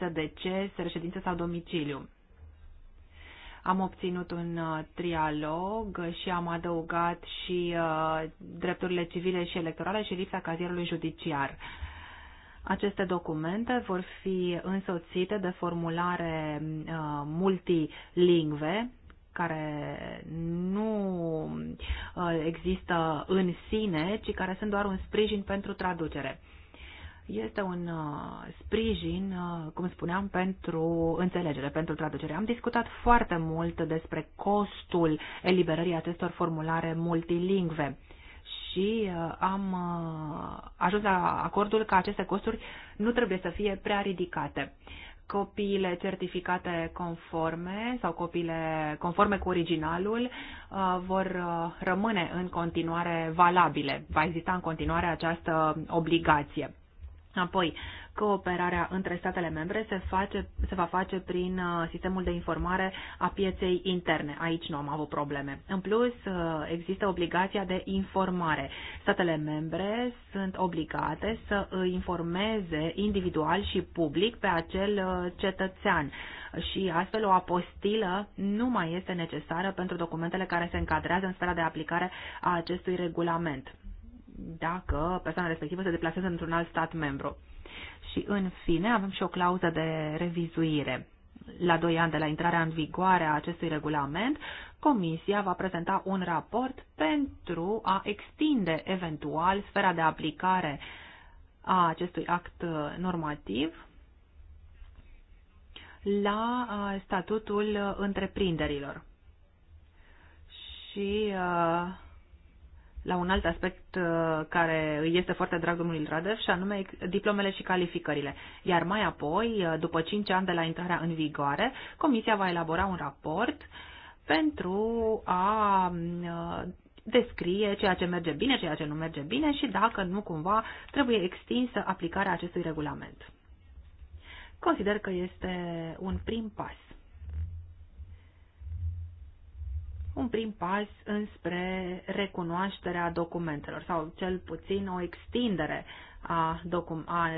față de CES, reședință sau domiciliu. Am obținut un uh, trialog și am adăugat și uh, drepturile civile și electorale și lipsa cazierului judiciar. Aceste documente vor fi însoțite de formulare uh, multilingve care nu există în sine, ci care sunt doar un sprijin pentru traducere este un uh, sprijin, uh, cum spuneam, pentru înțelegere, pentru traducere. Am discutat foarte mult despre costul eliberării acestor formulare multilingve și uh, am ajuns la acordul că aceste costuri nu trebuie să fie prea ridicate. Copiile certificate conforme sau copiile conforme cu originalul vor rămâne în continuare valabile. Va exista în continuare această obligație. Apoi, cooperarea între statele membre se, face, se va face prin uh, sistemul de informare a pieței interne. Aici nu am avut probleme. În plus, uh, există obligația de informare. Statele membre sunt obligate să informeze individual și public pe acel uh, cetățean și astfel o apostilă nu mai este necesară pentru documentele care se încadrează în sfera de aplicare a acestui regulament dacă persoana respectivă se deplasează într-un alt stat membru. Și în fine avem și o clauză de revizuire. La doi ani de la intrarea în vigoare a acestui regulament, Comisia va prezenta un raport pentru a extinde eventual sfera de aplicare a acestui act normativ la statutul întreprinderilor. Și uh, la un alt aspect uh, care îi este foarte drag domnului Radev și anume diplomele și calificările. Iar mai apoi, uh, după 5 ani de la intrarea în vigoare, Comisia va elabora un raport pentru a uh, descrie ceea ce merge bine, ceea ce nu merge bine și dacă nu cumva trebuie extinsă aplicarea acestui regulament. Consider că este un prim pas. un prim pas înspre recunoașterea documentelor sau cel puțin o extindere a, a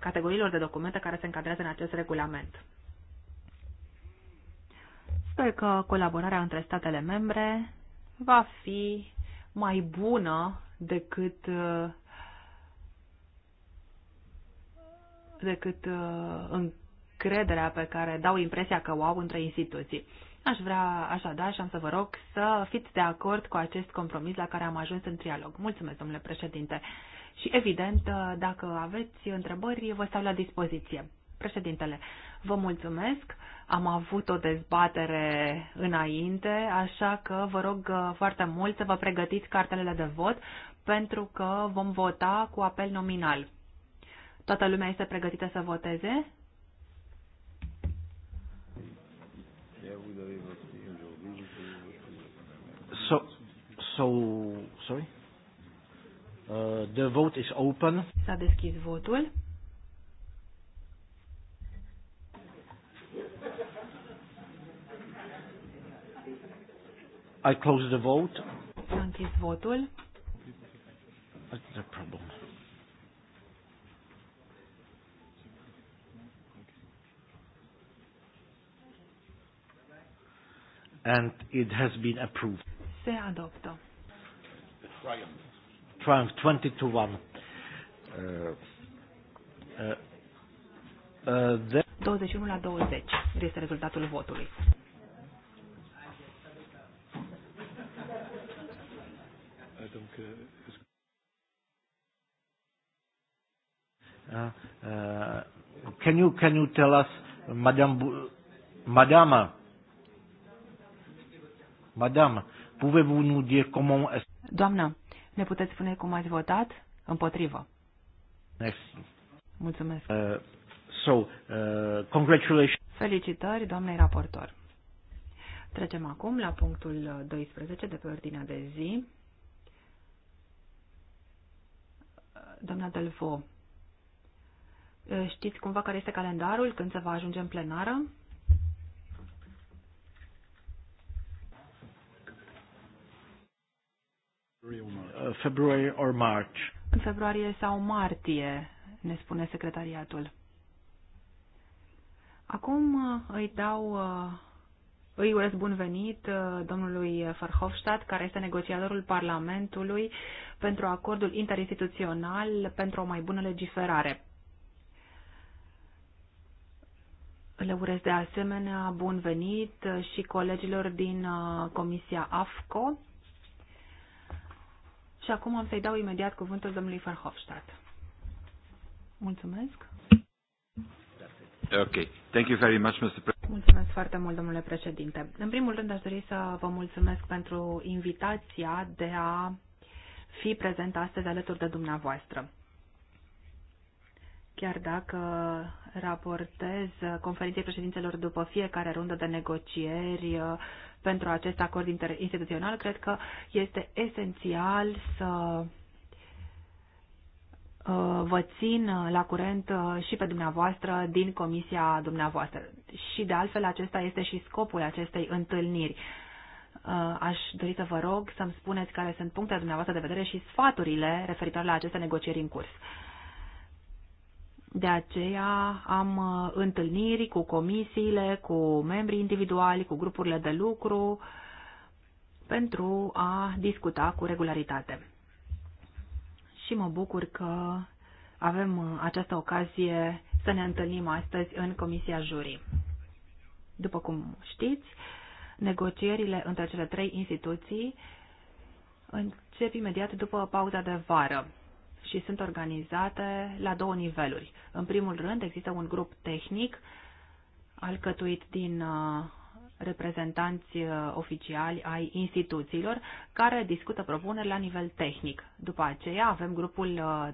categoriilor de documente care se încadrează în acest regulament. Sper că colaborarea între statele membre va fi mai bună decât decât uh, încrederea pe care dau impresia că o au între instituții. Aș vrea așadar și am să vă rog să fiți de acord cu acest compromis la care am ajuns în trialog. Mulțumesc, domnule președinte. Și evident, dacă aveți întrebări, vă stau la dispoziție. Președintele, vă mulțumesc. Am avut o dezbatere înainte, așa că vă rog foarte mult să vă pregătiți cartelele de vot pentru că vom vota cu apel nominal. Toată lumea este pregătită să voteze? So, so sorry. Uh, the vote is open. S-a deschis votul. I close the vote. S-a închis votul. That's the problem. and it has been approved. Se adoptă. Triumph 1. 21 uh, uh, uh, la 20 este rezultatul votului. uh, can you can you tell us, Madame, Madame, Madame, Pouvez-vous nous dire comment... Doamna, ne puteți spune cum ați votat? Împotrivă. Merci. Mulțumesc. Uh, so, uh, congratulations. Felicitări, doamnei raportor. Trecem acum la punctul 12 de pe ordinea de zi. Doamna Delvaux, știți cumva care este calendarul când se va ajunge în plenară? February uh, or March. În februarie sau martie, ne spune secretariatul. Acum uh, îi dau, uh, îi urez bun venit domnului Verhofstadt, care este negociatorul Parlamentului pentru acordul interinstituțional pentru o mai bună legiferare. Le urez de asemenea bun venit și colegilor din Comisia AFCO și acum am să-i dau imediat cuvântul domnului Verhofstadt. Mulțumesc. Okay. Thank you very much, Mr. President. Mulțumesc foarte mult, domnule președinte. În primul rând, aș dori să vă mulțumesc pentru invitația de a fi prezent astăzi alături de dumneavoastră. Chiar dacă raportez conferinței președințelor după fiecare rundă de negocieri, pentru acest acord interinstituțional, cred că este esențial să uh, vă țin uh, la curent uh, și pe dumneavoastră din comisia dumneavoastră. Și de altfel acesta este și scopul acestei întâlniri. Aș dori să vă rog să-mi spuneți care sunt punctele dumneavoastră de vedere și sfaturile referitoare la aceste negocieri în curs. De aceea am uh, întâlniri cu comisiile, cu membrii individuali, cu grupurile de lucru, pentru a discuta cu regularitate. Și mă bucur că avem uh, această ocazie să ne întâlnim astăzi în Comisia Jurii. După cum știți, negocierile între cele trei instituții încep imediat după pauza de vară și sunt organizate la două niveluri. În primul rând, există un grup tehnic alcătuit din uh, reprezentanți uh, oficiali ai instituțiilor care discută propuneri la nivel tehnic. După aceea avem grupul uh,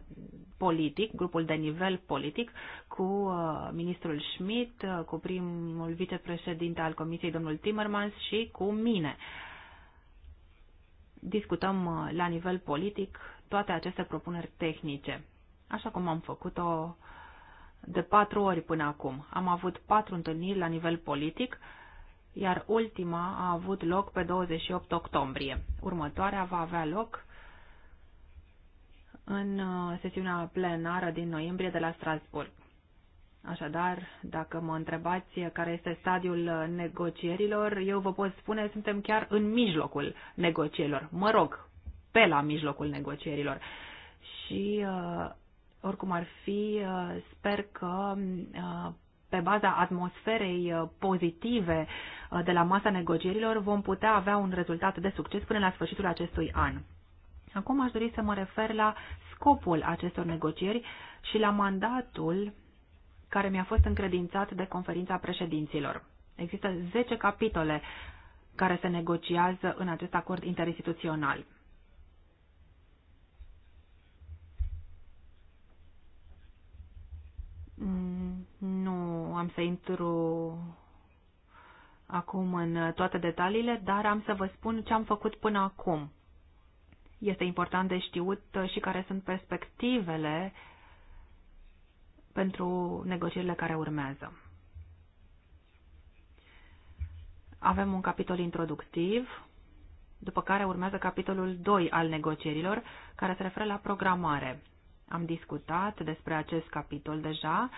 politic, grupul de nivel politic cu ministrul Schmidt, cu primul vicepreședinte al Comisiei, domnul Timmermans și cu mine. Discutăm la nivel politic toate aceste propuneri tehnice, așa cum am făcut-o de patru ori până acum. Am avut patru întâlniri la nivel politic, iar ultima a avut loc pe 28 octombrie. Următoarea va avea loc în uh, sesiunea plenară din noiembrie de la Strasburg. Așadar, dacă mă întrebați care este stadiul negocierilor, eu vă pot spune, suntem chiar în mijlocul negocierilor. Mă rog, pe la mijlocul negocierilor. Și uh, oricum ar fi, uh, sper că uh, pe baza atmosferei pozitive de la masa negocierilor vom putea avea un rezultat de succes până la sfârșitul acestui an. Acum aș dori să mă refer la scopul acestor negocieri și la mandatul care mi-a fost încredințat de conferința președinților. Există 10 capitole care se negociază în acest acord interinstituțional. Mm, nu am să intru acum în toate detaliile, dar am să vă spun ce am făcut până acum. Este important de știut și care sunt perspectivele pentru negocierile care urmează. Avem un capitol introductiv, după care urmează capitolul 2 al negocierilor, care se referă la programare. Am discutat despre acest capitol deja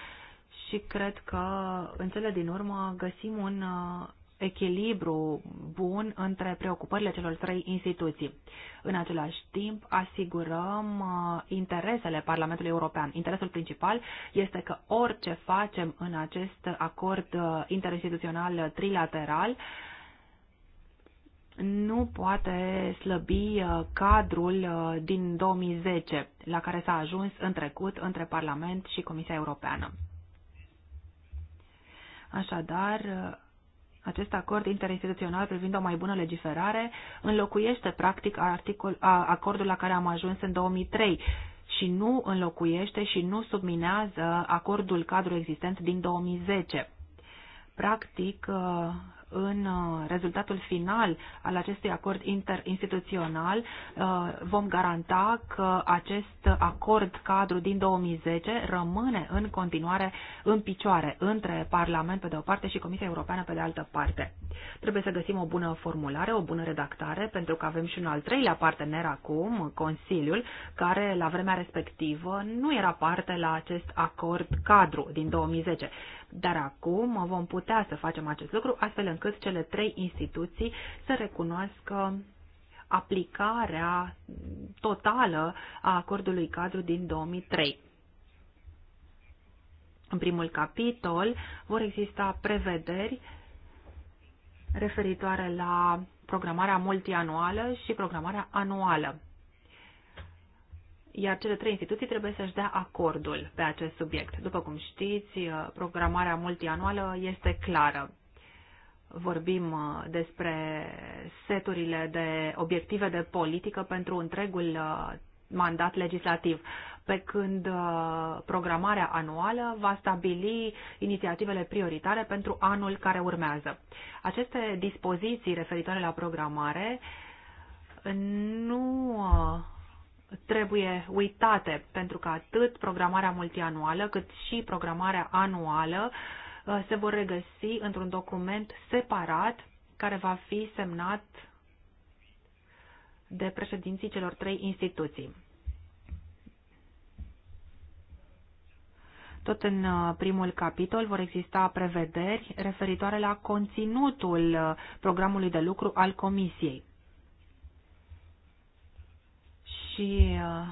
și cred că în cele din urmă găsim un uh, echilibru bun între preocupările celor trei instituții. În același timp, asigurăm uh, interesele Parlamentului European. Interesul principal este că orice facem în acest acord uh, interinstituțional trilateral nu poate slăbi uh, cadrul uh, din 2010 la care s-a ajuns în trecut între Parlament și Comisia Europeană. Așadar, uh, acest acord interinstituțional privind o mai bună legiferare înlocuiește practic articol, acordul la care am ajuns în 2003 și nu înlocuiește și nu subminează acordul cadru existent din 2010. Practic, în uh, rezultatul final al acestui acord interinstituțional uh, vom garanta că acest acord cadru din 2010 rămâne în continuare în picioare între Parlament pe de o parte și Comisia Europeană pe de altă parte. Trebuie să găsim o bună formulare, o bună redactare, pentru că avem și un al treilea partener acum, Consiliul, care la vremea respectivă nu era parte la acest acord cadru din 2010. Dar acum vom putea să facem acest lucru astfel încât cele trei instituții să recunoască aplicarea totală a acordului cadru din 2003. În primul capitol vor exista prevederi referitoare la programarea multianuală și programarea anuală iar cele trei instituții trebuie să-și dea acordul pe acest subiect. După cum știți, uh, programarea multianuală este clară. Vorbim uh, despre seturile de obiective de politică pentru întregul uh, mandat legislativ, pe când programarea anuală va stabili inițiativele prioritare pentru anul care urmează. Aceste dispoziții referitoare la programare nu trebuie uitate, pentru că atât programarea multianuală cât și programarea anuală uh, se vor regăsi într-un document separat care va fi semnat de președinții celor trei instituții. Tot în uh, primul capitol vor exista prevederi referitoare la conținutul uh, programului de lucru al Comisiei și uh,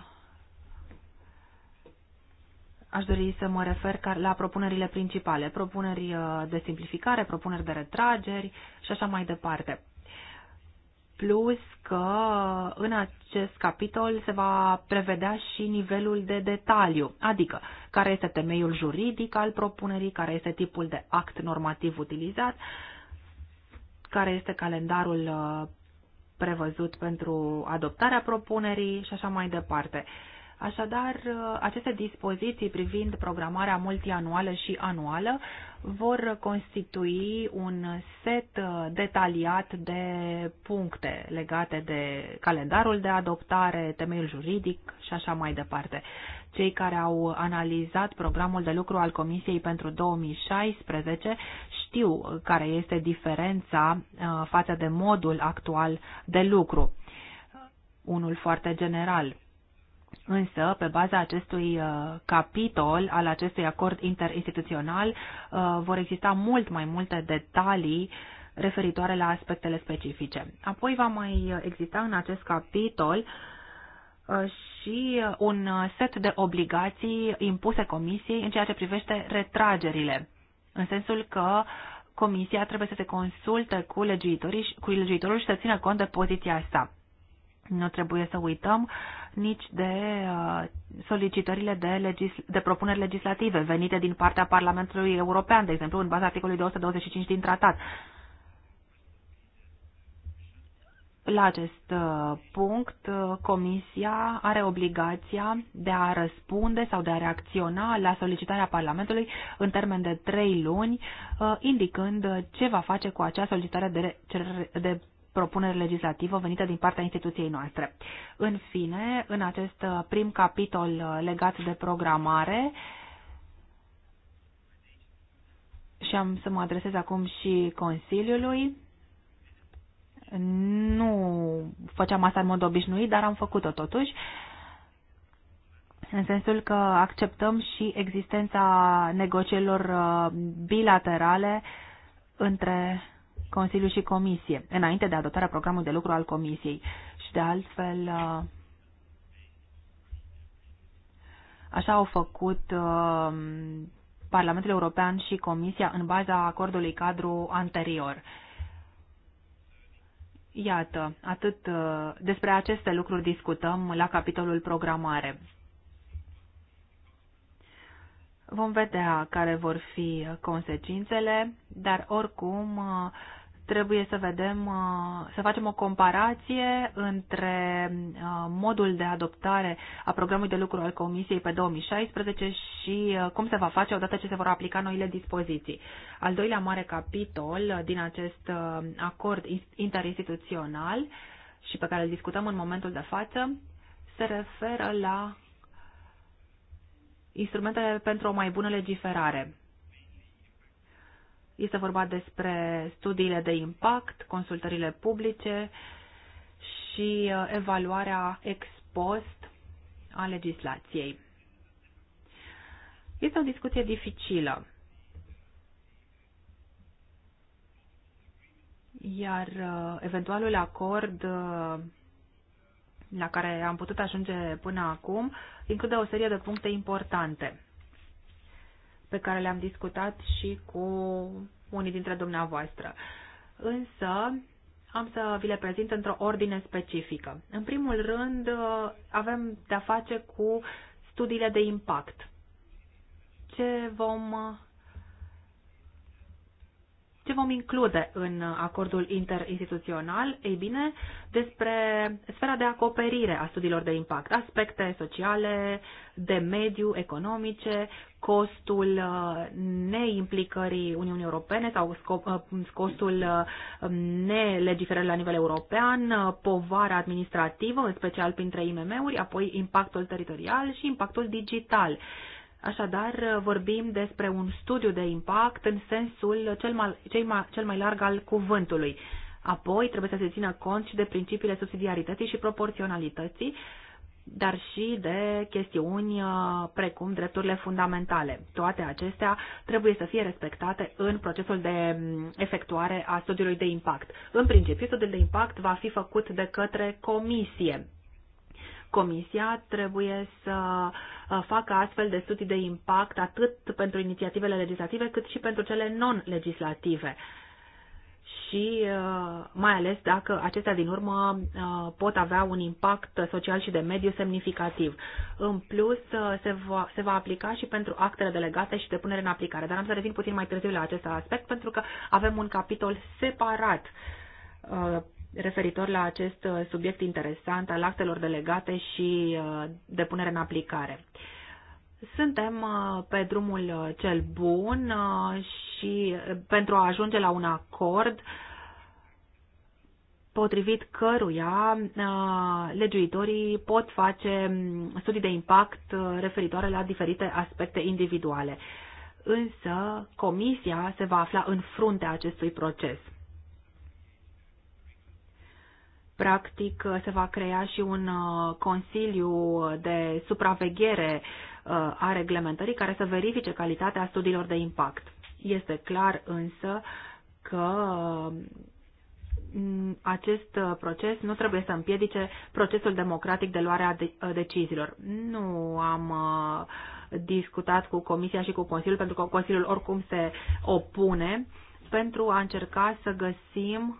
aș dori să mă refer la propunerile principale, propuneri uh, de simplificare, propuneri de retrageri și așa mai departe. Plus că în acest capitol se va prevedea și nivelul de detaliu, adică care este temeiul juridic al propunerii, care este tipul de act normativ utilizat, care este calendarul uh, prevăzut pentru adoptarea propunerii și așa mai departe. Așadar, aceste dispoziții privind programarea multianuală și anuală vor constitui un set detaliat de puncte legate de calendarul de adoptare, temeiul juridic și așa mai departe cei care au analizat programul de lucru al Comisiei pentru 2016 știu care este diferența uh, față de modul actual de lucru, unul foarte general. Însă, pe baza acestui uh, capitol al acestui acord interinstituțional, uh, vor exista mult mai multe detalii referitoare la aspectele specifice. Apoi va mai exista în acest capitol uh, Uh, și uh, un uh, set de obligații impuse comisiei în ceea ce privește retragerile, în sensul că comisia trebuie să se consulte cu, legiuitorii, cu legiuitorul și să țină cont de poziția sa. Nu trebuie să uităm nici de solicitările de, legis- de propuneri legislative venite din partea Parlamentului European, de exemplu, în baza articolului 225 din tratat. La acest uh, punct, uh, Comisia are obligația de a răspunde sau de a reacționa la solicitarea Parlamentului în termen de trei luni, uh, indicând ce va face cu acea solicitare de, de propunere legislativă venită din partea instituției noastre. În fine, în acest prim capitol legat de programare, și am să mă adresez acum și Consiliului, nu făceam asta în mod obișnuit, dar am făcut-o totuși, în sensul că acceptăm și existența negocierilor uh, bilaterale între Consiliu și Comisie, înainte de adoptarea programului de lucru al Comisiei. Și de altfel, uh, așa au făcut uh, Parlamentul European și Comisia în baza acordului cadru anterior. Iată, atât uh, despre aceste lucruri discutăm la capitolul programare. Vom vedea care vor fi consecințele, dar oricum uh, trebuie să vedem, uh, să facem o comparație între uh, modul de adoptare a programului de lucru al Comisiei pe 2016 și uh, cum se va face odată ce se vor aplica noile dispoziții. Al doilea mare capitol din acest acord interinstituțional și pe care îl discutăm în momentul de față se referă la instrumentele pentru o mai bună legiferare este vorba despre studiile de impact, consultările publice și uh, evaluarea ex post a legislației. Este o discuție dificilă. Iar uh, eventualul acord uh, la care am putut ajunge până acum include o serie de puncte importante pe care le-am discutat și cu unii dintre dumneavoastră. Însă, am să vi le prezint într-o ordine specifică. În primul rând, avem de-a face cu studiile de impact. Ce vom ce vom include în acordul interinstituțional? Ei bine, despre sfera de acoperire a studiilor de impact, aspecte sociale, de mediu, economice, costul uh, neimplicării Uniunii Europene sau uh, costul uh, nelegiferării la nivel european, povara administrativă, în special printre IMM-uri, apoi impactul teritorial și impactul digital Așadar, vorbim despre un studiu de impact în sensul cel mai, cel mai, cel mai larg al cuvântului. Apoi, trebuie să se țină cont și de principiile subsidiarității și proporționalității, dar și de chestiuni uh, precum drepturile fundamentale. Toate acestea trebuie să fie respectate în procesul de mm, efectuare a studiului de impact. În principiu, studiul de impact va fi făcut de către comisie Comisia trebuie să uh, facă astfel de studii de impact atât pentru inițiativele legislative cât și pentru cele non-legislative și uh, mai ales dacă acestea din urmă uh, pot avea un impact social și de mediu semnificativ. În plus, se va, se va aplica și pentru actele delegate și de punere în aplicare, dar am să revin puțin mai târziu la acest aspect pentru că avem un capitol separat referitor la acest uh, subiect interesant al actelor delegate și uh, de punere în aplicare. Suntem uh, pe drumul cel bun și pentru a ajunge la un acord potrivit căruia legiuitorii pot face mm, studii de impact referitoare la diferite aspecte individuale. Însă, comisia se va afla în fruntea acestui proces practic uh, se va crea și un uh, consiliu de supraveghere uh, a reglementării care să verifice calitatea studiilor de impact. Este clar însă că mm, acest proces nu trebuie să împiedice procesul democratic de luare a deciziilor. Nu am discutat cu Comisia și cu Consiliul, pentru că Consiliul oricum se opune, pentru a încerca să găsim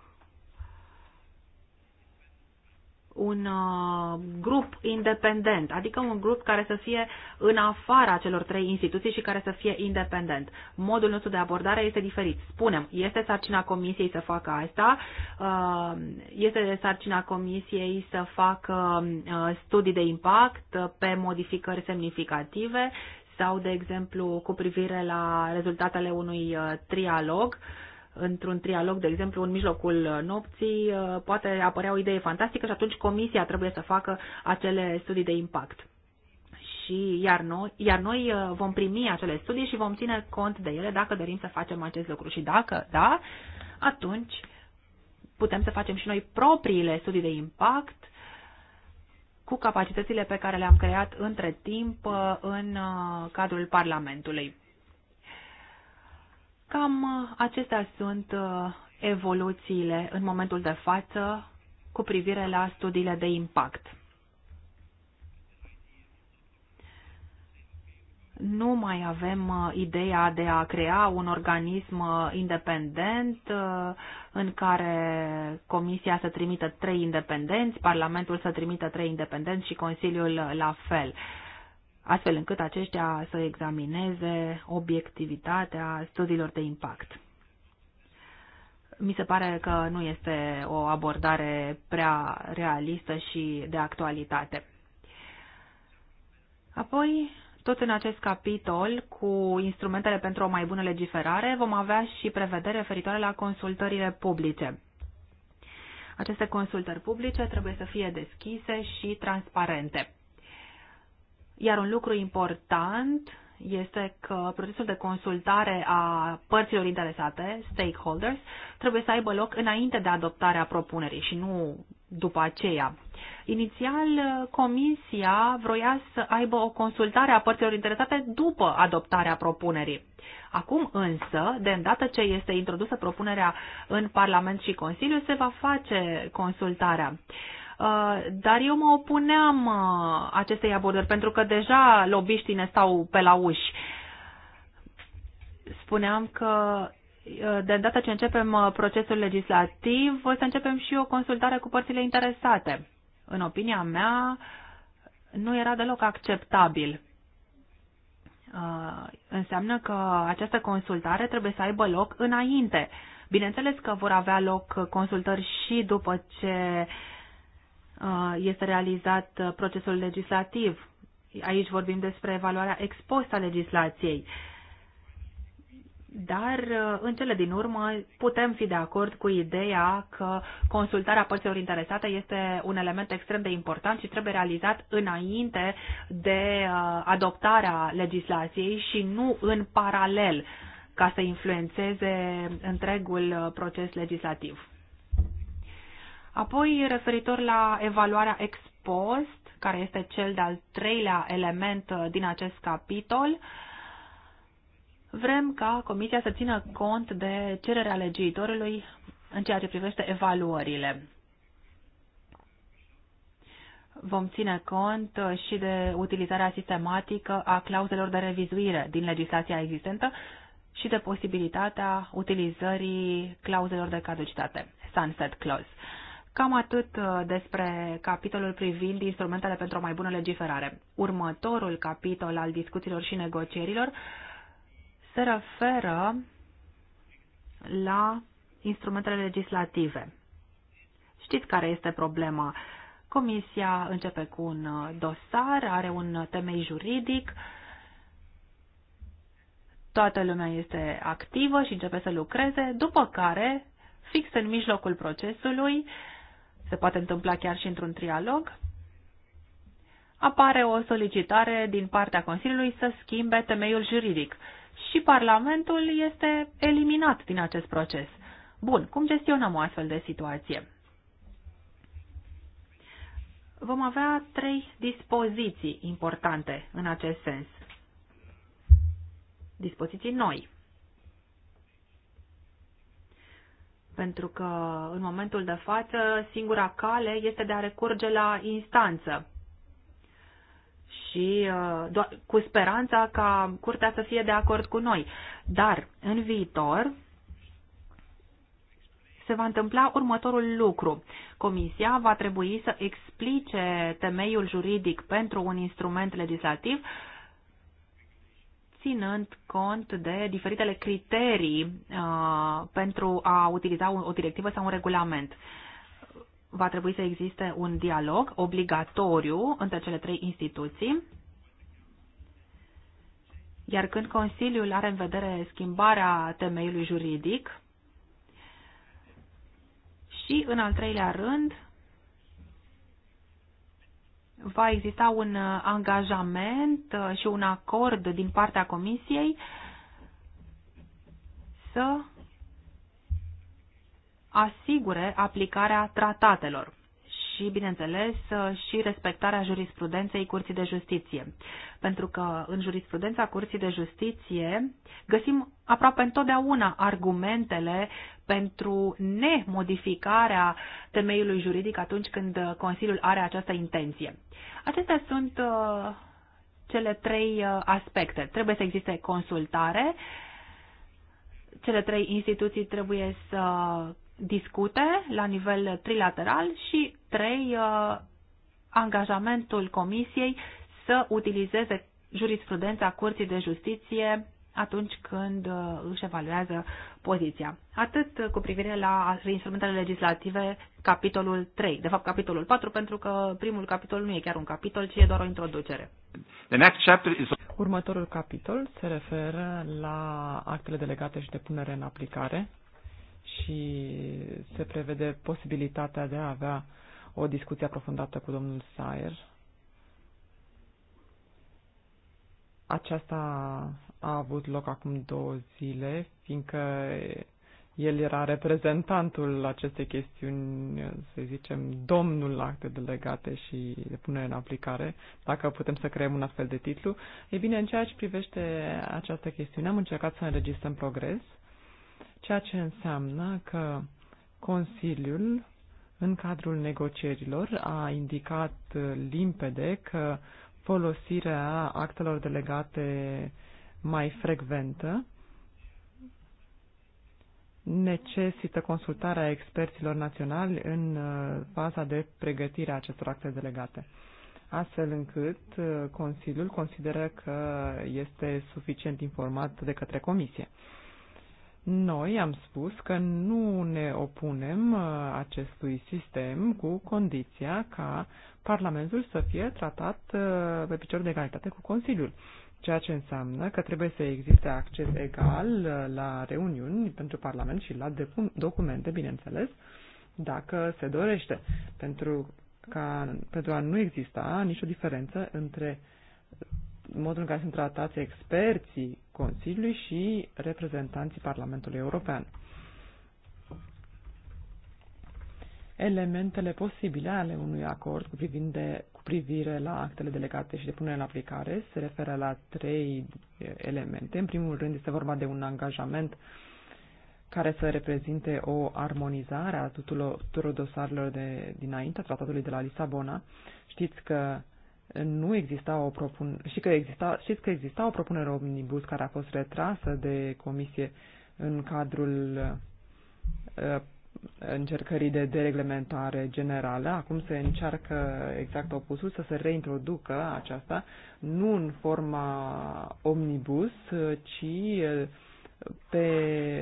un uh, grup independent, adică un grup care să fie în afara celor trei instituții și care să fie independent. Modul nostru de abordare este diferit. Spunem, este sarcina comisiei să facă asta, uh, este sarcina comisiei să facă uh, studii de impact pe modificări semnificative sau, de exemplu, cu privire la rezultatele unui trialog într-un trialog, de exemplu, în mijlocul nopții, uh, poate apărea o idee fantastică și atunci comisia trebuie să facă acele studii de impact. Și iar noi, iar noi uh, vom primi acele studii și vom ține cont de ele dacă dorim să facem acest lucru. Și dacă da, atunci putem să facem și noi propriile studii de impact cu capacitățile pe care le-am creat între timp uh, în cadrul Parlamentului. Cam uh, acestea sunt uh, evoluțiile în momentul de față cu privire la studiile de impact. Nu mai avem uh, ideea de a crea un organism independent în care Comisia să trimită trei independenți, Parlamentul să trimită trei independenți și Consiliul la fel astfel încât aceștia să examineze obiectivitatea studiilor de impact. Mi se pare că nu este o abordare prea realistă și de actualitate. Apoi, tot în acest capitol, cu instrumentele pentru o mai bună legiferare, vom avea și prevedere referitoare la consultările publice. Aceste consultări publice trebuie să fie deschise și transparente. Iar un lucru important este că procesul de consultare a părților interesate, stakeholders, trebuie să aibă loc înainte de adoptarea propunerii și nu după aceea. Inițial, comisia vroia să aibă o consultare a părților interesate după adoptarea propunerii. Acum însă, de îndată ce este introdusă propunerea în Parlament și Consiliu, se va face consultarea. Uh, Uh, dar eu mă opuneam uh, acestei abordări, pentru că deja lobiștii ne stau pe la uși. Spuneam că uh, de data ce începem procesul legislativ, să începem și o consultare cu părțile interesate. În opinia mea, nu era deloc acceptabil. Înseamnă că această consultare trebuie să aibă loc înainte. Bineînțeles că vor avea loc consultări și după ce uh, Uh, este realizat uh, procesul legislativ. Aici vorbim despre evaluarea expusă a legislației. Dar, uh, în cele din urmă, putem fi de acord cu ideea că consultarea părților interesate este un element extrem de important și trebuie realizat înainte de adoptarea legislației și nu în paralel ca să influențeze întregul proces legislativ. Apoi, referitor la evaluarea ex post, care este cel de-al treilea element uh, din acest capitol, vrem ca Comisia să țină cont de cererea legiuitorului în ceea ce privește evaluările. Vom ține cont uh, și de utilizarea sistematică a clauzelor de revizuire din legislația existentă și de posibilitatea utilizării clauzelor de caducitate, sunset clause. Cam atât uh, despre capitolul privind instrumentele pentru o mai bună legiferare. Următorul capitol al discuțiilor și negocierilor se referă la instrumentele legislative. Știți care este problema? Comisia începe cu un uh, dosar, are un temei juridic, toată lumea este activă și începe să lucreze, după care, fix în mijlocul procesului, uh, se poate întâmpla chiar și într-un trialog, apare o solicitare din partea Consiliului să schimbe temeiul juridic și Parlamentul este eliminat din acest proces. Bun, cum gestionăm o astfel de situație? Vom avea trei dispoziții importante în acest sens. Dispoziții noi. Pentru că, în momentul de față, singura cale este de a recurge la instanță și uh, cu speranța ca curtea să fie de acord cu noi. Dar, în viitor, se va întâmpla următorul lucru. Comisia va trebui să explice temeiul juridic pentru un instrument legislativ ținând cont de diferitele criterii uh, pentru a utiliza o directivă sau un regulament. Va trebui să existe un dialog obligatoriu între cele trei instituții, iar când Consiliul are în vedere schimbarea temeiului juridic și, în al treilea rând, va exista un uh, angajament uh, și un acord din partea Comisiei să asigure aplicarea tratatelor și, bineînțeles, și respectarea jurisprudenței Curții de Justiție. Pentru că în jurisprudența Curții de Justiție găsim aproape întotdeauna argumentele pentru nemodificarea temeiului juridic atunci când Consiliul are această intenție. Acestea sunt uh, cele trei uh, aspecte. Trebuie să existe consultare, cele trei instituții trebuie să discute la nivel trilateral și trei uh, angajamentul Comisiei să utilizeze jurisprudența Curții de Justiție atunci când uh, își evaluează poziția. Atât cu privire la instrumentele legislative, capitolul 3, de fapt capitolul 4, pentru că primul capitol nu e chiar un capitol, ci e doar o introducere. The next chapter is... Următorul capitol se referă la actele delegate și de punere în aplicare și se prevede posibilitatea de a avea o discuție aprofundată cu domnul Sayer. Aceasta a avut loc acum două zile, fiindcă el era reprezentantul acestei chestiuni, să zicem, domnul acte delegate și de punere în aplicare, dacă putem să creăm un astfel de titlu. Ei bine, în ceea ce privește această chestiune, am încercat să înregistrăm progres ceea ce înseamnă că Consiliul, în cadrul negocierilor, a indicat limpede că folosirea actelor delegate mai frecventă necesită consultarea experților naționali în uh, faza de pregătire a acestor acte delegate, astfel încât uh, Consiliul consideră că este suficient informat de către Comisie. Noi am spus că nu ne opunem uh, acestui sistem cu condiția ca Parlamentul să fie tratat uh, pe picior de egalitate cu Consiliul, ceea ce înseamnă că trebuie să existe acces egal uh, la reuniuni pentru Parlament și la documente, bineînțeles, dacă se dorește, pentru, ca, pentru a nu exista nicio diferență între modul în care sunt tratați experții Consiliului și reprezentanții Parlamentului European. Elementele posibile ale unui acord cu, privind de, cu privire la actele delegate și de punere în aplicare se referă la trei elemente. În primul rând este vorba de un angajament care să reprezinte o armonizare a tuturor, tuturor dosarelor de dinainte, tratatului de la Lisabona. Știți că nu exista o propun și că exista, știți că exista o propunere omnibus care a fost retrasă de comisie în cadrul uh, încercării de dereglementare generală. Acum se încearcă exact opusul, să se reintroducă aceasta, nu în forma omnibus, ci uh, pe,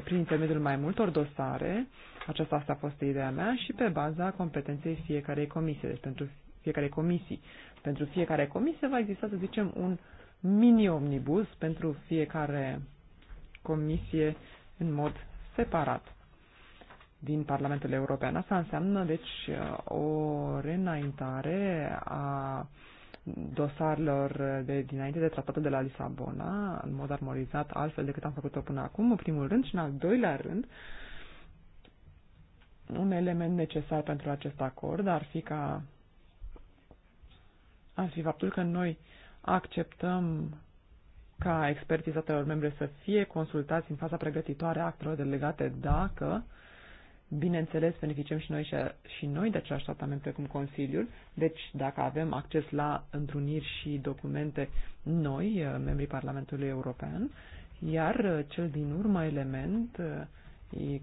prin intermediul mai multor dosare. Aceasta asta a fost ideea mea și pe baza competenței fiecarei comisii, deci pentru fiecare comisii pentru fiecare comisie va exista, să zicem, un mini-omnibus pentru fiecare comisie în mod separat din Parlamentul European. Asta înseamnă, deci, o reînaintare a dosarelor de dinainte de tratatul de la Lisabona, în mod armonizat, altfel decât am făcut-o până acum, în primul rând, și în al doilea rând, un element necesar pentru acest acord ar fi ca ar fi faptul că noi acceptăm ca experții statelor membre să fie consultați în faza pregătitoare a actelor delegate dacă, bineînțeles, beneficiem și noi, și, și noi de același tratament precum Consiliul, deci dacă avem acces la întruniri și documente noi, eh, membrii Parlamentului European, iar eh, cel din urmă element eh,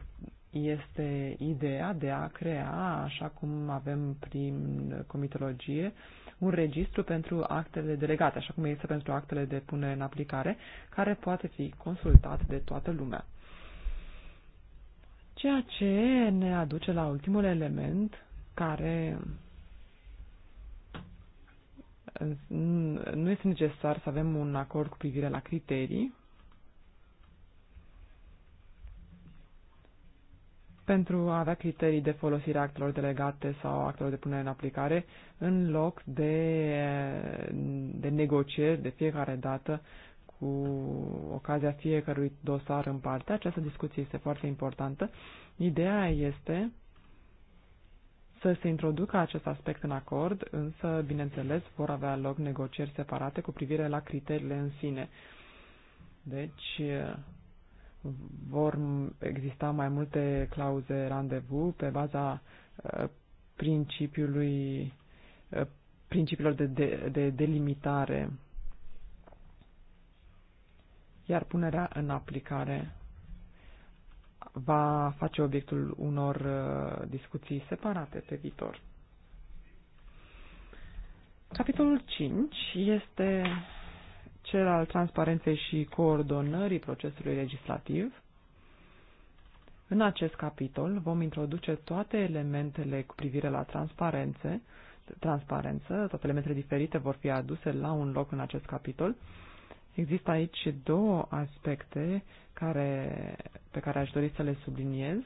este ideea de a crea, așa cum avem prin comitologie, un registru pentru actele delegate, așa cum este pentru actele de punere în aplicare, care poate fi consultat de toată lumea. Ceea ce ne aduce la ultimul element care nu este necesar să avem un acord cu privire la criterii, pentru a avea criterii de folosire a actelor delegate sau actelor de punere în aplicare, în loc de, de negocieri de fiecare dată cu ocazia fiecărui dosar în parte. Această discuție este foarte importantă. Ideea este să se introducă acest aspect în acord, însă, bineînțeles, vor avea loc negocieri separate cu privire la criteriile în sine. Deci, vor exista mai multe clauze randevu pe baza uh, principiului, uh, principiilor de, de, de delimitare, iar punerea în aplicare va face obiectul unor uh, discuții separate pe viitor. Capitolul 5 este cel al transparenței și coordonării procesului legislativ. În acest capitol vom introduce toate elementele cu privire la transparențe, transparență, toate elementele diferite vor fi aduse la un loc în acest capitol. Există aici două aspecte care, pe care aș dori să le subliniez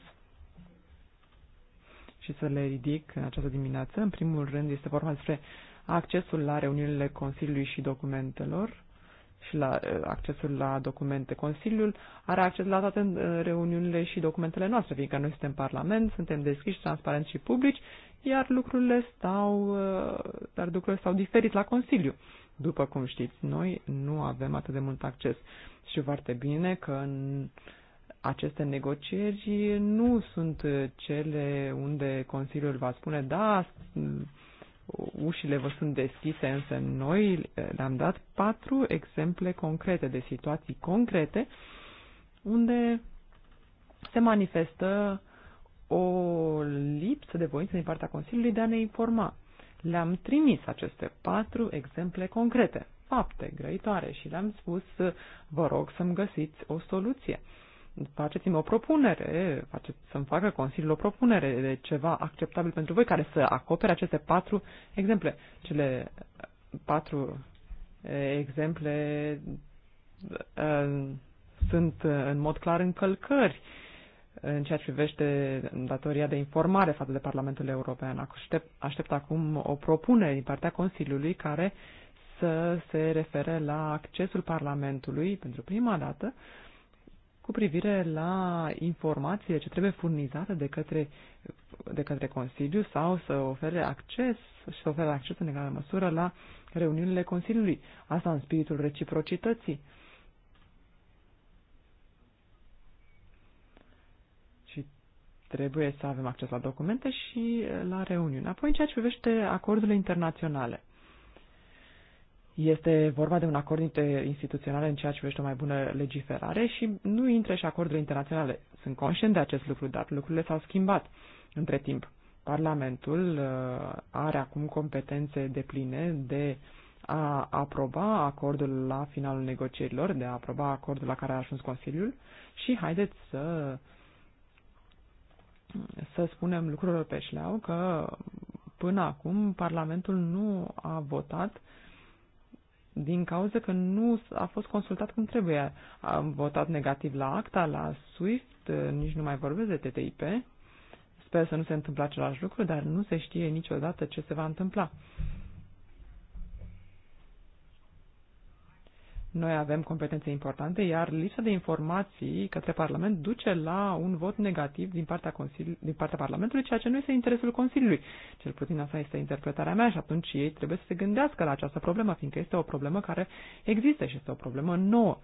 și să le ridic în această dimineață. În primul rând este vorba despre accesul la reuniunile Consiliului și documentelor și la eh, accesul la documente. Consiliul are acces la toate eh, reuniunile și documentele noastre, fiindcă noi suntem Parlament, suntem deschiși, transparenți și publici, iar lucrurile stau, eh, dar lucrurile stau diferit la Consiliu. După cum știți, noi nu avem atât de mult acces și foarte bine că în aceste negocieri nu sunt cele unde Consiliul va spune da, ușile vă sunt deschise, însă noi le-am dat patru exemple concrete de situații concrete unde se manifestă o lipsă de voință din partea Consiliului de a ne informa. Le-am trimis aceste patru exemple concrete, fapte grăitoare și le-am spus, vă rog să-mi găsiți o soluție faceți-mi o propunere, faceți să-mi facă Consiliul o propunere de ceva acceptabil pentru voi, care să acopere aceste patru exemple. Cele patru eh, exemple eh, sunt în mod clar încălcări în ceea ce privește datoria de informare față de Parlamentul European. Aștept, aștept acum o propunere din partea Consiliului care să se refere la accesul Parlamentului pentru prima dată cu privire la informație ce trebuie furnizate de către, de către Consiliu sau să ofere acces și să ofere acces în egală măsură la reuniunile Consiliului. Asta în spiritul reciprocității. Și trebuie să avem acces la documente și la reuniuni. Apoi, în ceea ce privește acordurile internaționale – este vorba de un acord instituțional în ceea ce privește o mai bună legiferare și nu intră și acordurile internaționale. Sunt conștient de acest lucru, dar lucrurile s-au schimbat între timp. Parlamentul uh, are acum competențe de pline de a aproba acordul la finalul negocierilor, de a aproba acordul la care a ajuns Consiliul și haideți să să spunem lucrurilor pe șleau că până acum Parlamentul nu a votat uh, din cauza că nu a fost consultat cum trebuie. Am votat negativ la ACTA, la SWIFT, uh, nici nu mai vorbesc de TTIP. Sper să nu se întâmple același lucru, dar nu se știe niciodată ce se va întâmpla. Noi avem competențe importante, iar lipsa de informații către Parlament duce la un vot negativ din partea, Consili- din partea Parlamentului, ceea ce nu este interesul Consiliului. Cel puțin asta este interpretarea mea și atunci ei trebuie să se gândească la această problemă, fiindcă este o problemă care există și este o problemă nouă.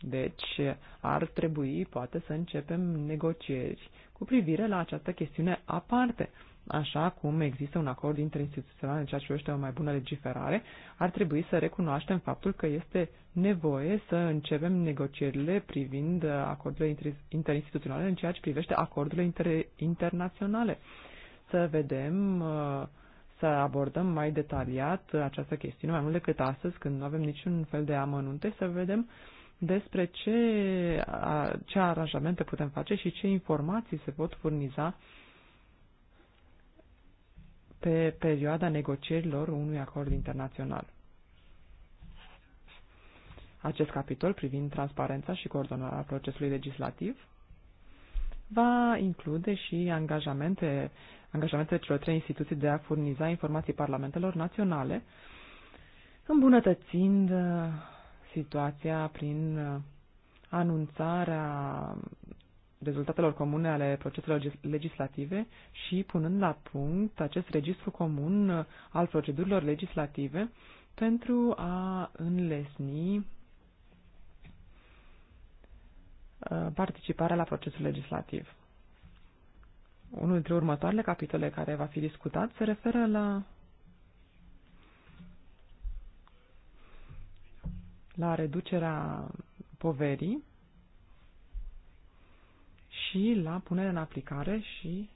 Deci ar trebui poate să începem negocieri cu privire la această chestiune aparte așa cum există un acord interinstituțional în ceea ce privește o mai bună legiferare, ar trebui să recunoaștem faptul că este nevoie să începem negocierile privind acordurile interinstituționale în ceea ce privește acordurile inter- internaționale. Să vedem, uh, să abordăm mai detaliat această chestiune, mai mult decât astăzi, când nu avem niciun fel de amănunte, să vedem despre ce, ce aranjamente putem face și ce informații se pot furniza uh, pe perioada negocierilor unui acord internațional. Acest capitol privind transparența și coordonarea procesului legislativ va include și angajamente, angajamente celor trei instituții de a furniza informații parlamentelor naționale, îmbunătățind uh, situația prin uh, anunțarea rezultatelor comune ale proceselor legislative și punând la punct acest registru comun uh, al procedurilor legislative pentru a înlesni uh, participarea la procesul legislativ. Unul dintre următoarele capitole care va fi discutat se referă la la reducerea poverii și la punerea în aplicare și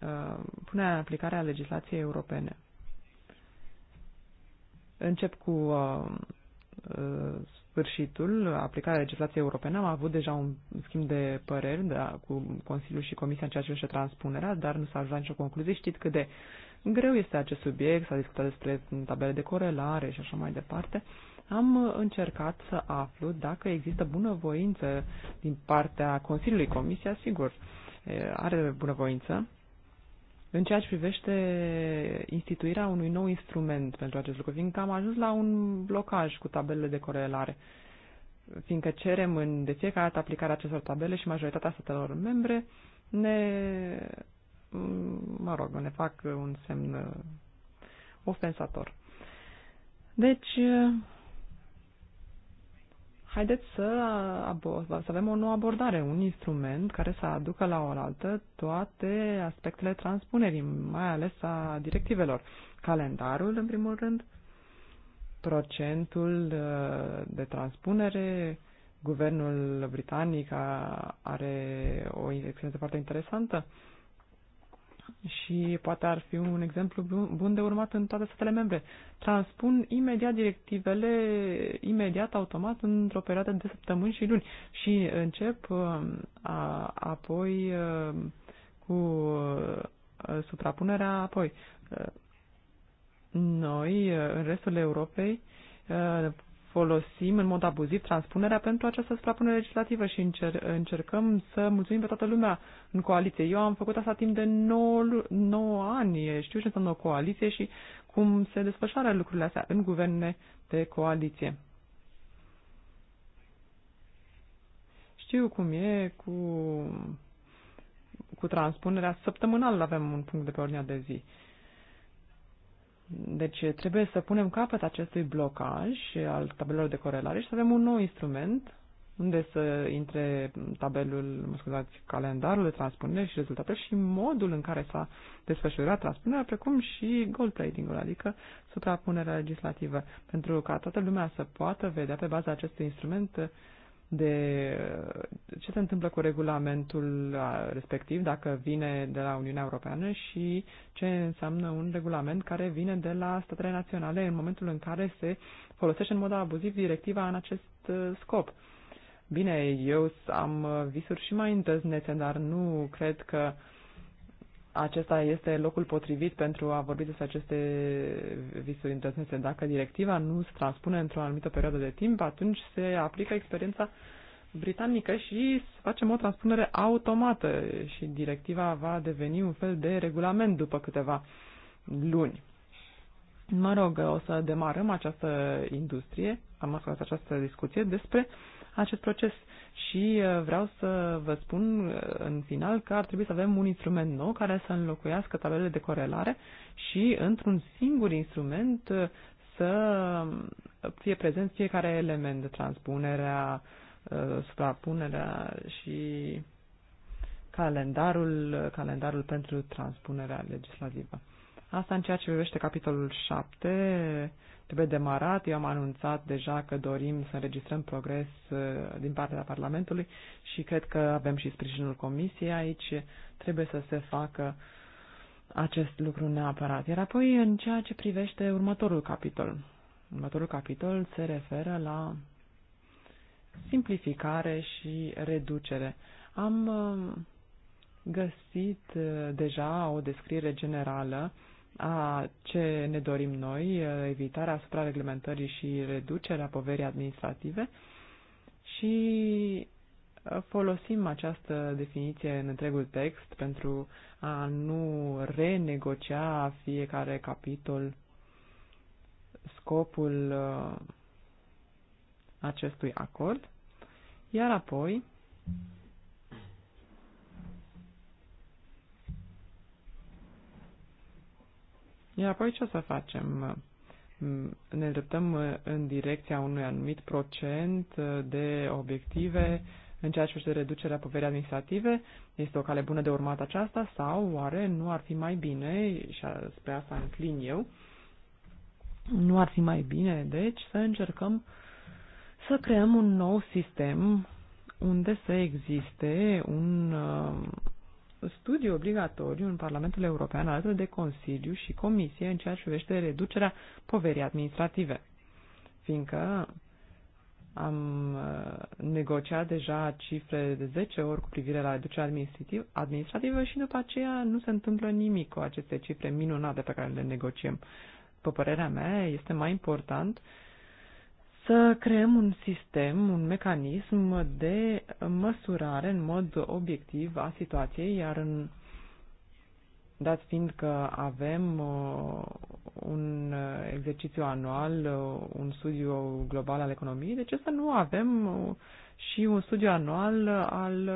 uh, punerea în aplicare a legislației europene. Încep cu uh, uh, sfârșitul, aplicarea legislației europene. Am avut deja un schimb de păreri da, cu Consiliul și Comisia în ceea ce privește transpunerea, dar nu s-a ajuns la nicio concluzie. Știți cât de greu este acest subiect, s-a discutat despre tabele de corelare și așa mai departe. Uh, am încercat să aflu dacă există bunăvoință din partea Consiliului Comisia, sigur, are bunăvoință, în ceea ce privește instituirea unui nou instrument pentru acest lucru, fiindcă am ajuns la un blocaj cu tabelele de corelare, fiindcă cerem în, de fiecare dată aplicarea acestor tabele și majoritatea statelor membre ne, mă rog, ne fac un semn uh, ofensator. Deci, haideți să, să avem o nouă abordare, un instrument care să aducă la oaltă toate aspectele transpunerii, mai ales a directivelor. Calendarul, în primul rând, procentul uh, de transpunere, guvernul britanic are o experiență foarte interesantă și poate ar fi un exemplu bun de urmat în toate statele membre. Transpun imediat directivele, imediat, automat, într-o perioadă de săptămâni și luni și încep um, a, apoi um, cu uh, suprapunerea apoi. Uh, noi, uh, în restul Europei, folosim în mod abuziv transpunerea pentru această suprapunere legislativă și încer- încercăm să mulțumim pe toată lumea în coaliție. Eu am făcut asta timp de 9, 9 ani, știu ce înseamnă o coaliție și cum se desfășoară lucrurile astea în guverne de coaliție. Știu cum e cu, cu transpunerea. Săptămânal avem un punct de pe ordinea de zi. Uh, deci trebuie să punem capăt acestui blocaj al tabelelor de corelare și să avem un nou instrument unde să intre tabelul, mă scuzați, calendarul de transpunere și rezultatele și modul în care s-a desfășurat transpunerea, precum și gold trading ul adică suprapunerea legislativă, pentru ca toată lumea să poată vedea pe baza acestui instrument de ce se întâmplă cu regulamentul respectiv dacă vine de la Uniunea Europeană și ce înseamnă un regulament care vine de la statele naționale în momentul în care se folosește în mod abuziv directiva în acest uh, scop. Bine, eu am uh, visuri și mai îndrăznețe, dar nu cred că uh, acesta este locul potrivit pentru a vorbi despre aceste visuri îndrăznețe. Dacă directiva nu se transpune într-o anumită perioadă de timp, atunci se aplică experiența britanică și facem o transpunere automată și directiva va deveni un fel de regulament după câteva luni. Mă rog, o să demarăm această industrie, am ascultat această discuție despre acest proces și uh, vreau să vă spun uh, în final că ar trebui să avem un instrument nou care să înlocuiască tabelele de corelare și într-un singur instrument uh, să um, fie prezent fiecare element de transpunerea, suprapunerea și calendarul, calendarul pentru transpunerea legislativă. Asta în ceea ce privește capitolul 7, trebuie demarat. Eu am anunțat deja că dorim să înregistrăm progres uh, din partea Parlamentului și cred că avem și sprijinul Comisiei aici. Trebuie să se facă acest lucru neapărat. Iar apoi, în ceea ce privește următorul capitol. Următorul capitol se referă la simplificare și reducere. Am uh, găsit uh, deja o descriere generală a ce ne dorim noi, evitarea asupra reglementării și reducerea poverii administrative și folosim această definiție în întregul text pentru a nu renegocia fiecare capitol scopul acestui acord, iar apoi Iar apoi ce o să facem? Ne îndreptăm în direcția unui anumit procent de obiective în ceea ce privește reducerea poverii administrative? Este o cale bună de urmat aceasta sau oare nu ar fi mai bine, și spre asta înclin eu, nu ar fi mai bine, deci, să încercăm să creăm un nou sistem unde să existe un studiu obligatoriu în Parlamentul European alături de Consiliu și Comisie în ceea ce privește reducerea poverii administrative, fiindcă am uh, negociat deja cifre de 10 ori cu privire la reducerea administrativă și după aceea nu se întâmplă nimic cu aceste cifre minunate pe care le negociem. După părerea mea, este mai important să creăm un sistem, un mecanism de măsurare în mod obiectiv a situației, iar în dat fiind că avem uh, un exercițiu anual, uh, un studiu global al economiei, de ce să nu avem uh, și un studiu anual al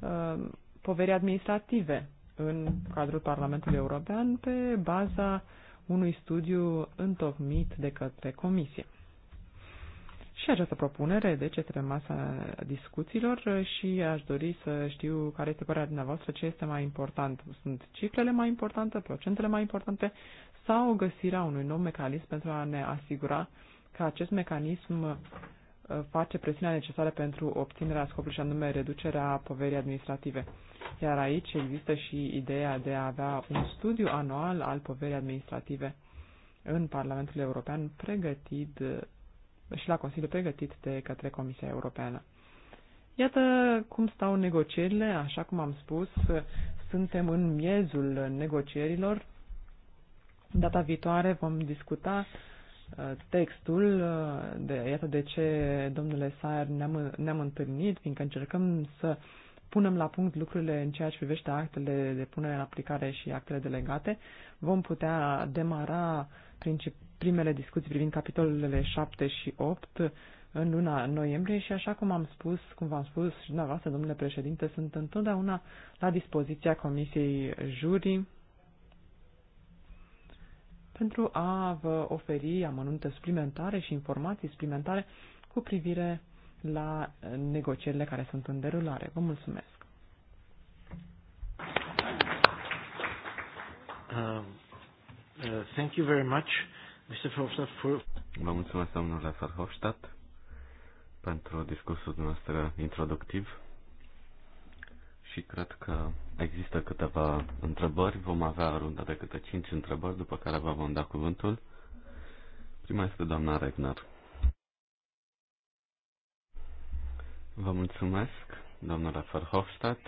uh, poverii administrative în cadrul Parlamentului European pe baza unui studiu întocmit de către Comisie. Și această propunere, deci, este pe masa discuțiilor și aș dori să știu care este părerea dumneavoastră, ce este mai important. Sunt ciclele mai importante, procentele mai importante sau găsirea unui nou mecanism pentru a ne asigura că acest mecanism uh, face presiunea necesară pentru obținerea scopului și anume reducerea poverii administrative. Iar aici există și ideea de a avea un studiu anual al poverii administrative în Parlamentul European pregătit uh, și la consiliul pregătit de către Comisia Europeană. Iată cum stau negocierile, așa cum am spus, suntem în miezul negocierilor. Data viitoare vom discuta uh, textul, uh, de, iată de ce, domnule Saer, ne-am, ne-am întâlnit, fiindcă încercăm să punem la punct lucrurile în ceea ce privește actele de punere în aplicare și actele delegate. Vom putea demara primele discuții privind capitolele 7 și 8 în luna noiembrie și așa cum am spus, cum v-am spus și dumneavoastră, domnule președinte, sunt întotdeauna la dispoziția Comisiei juri pentru a vă oferi amănunte suplimentare și informații suplimentare cu privire la negocierile care sunt în derulare. Vă mulțumesc! Um. Uh, thank you very much, Mr. Verhofstadt, for... Vă mulțumesc, domnule Verhofstadt, pentru discursul dumneavoastră introductiv și cred că există câteva întrebări. Vom avea runda de câte cinci întrebări, după care vă vom da cuvântul. Prima este doamna Regner. Vă mulțumesc, domnule Verhofstadt.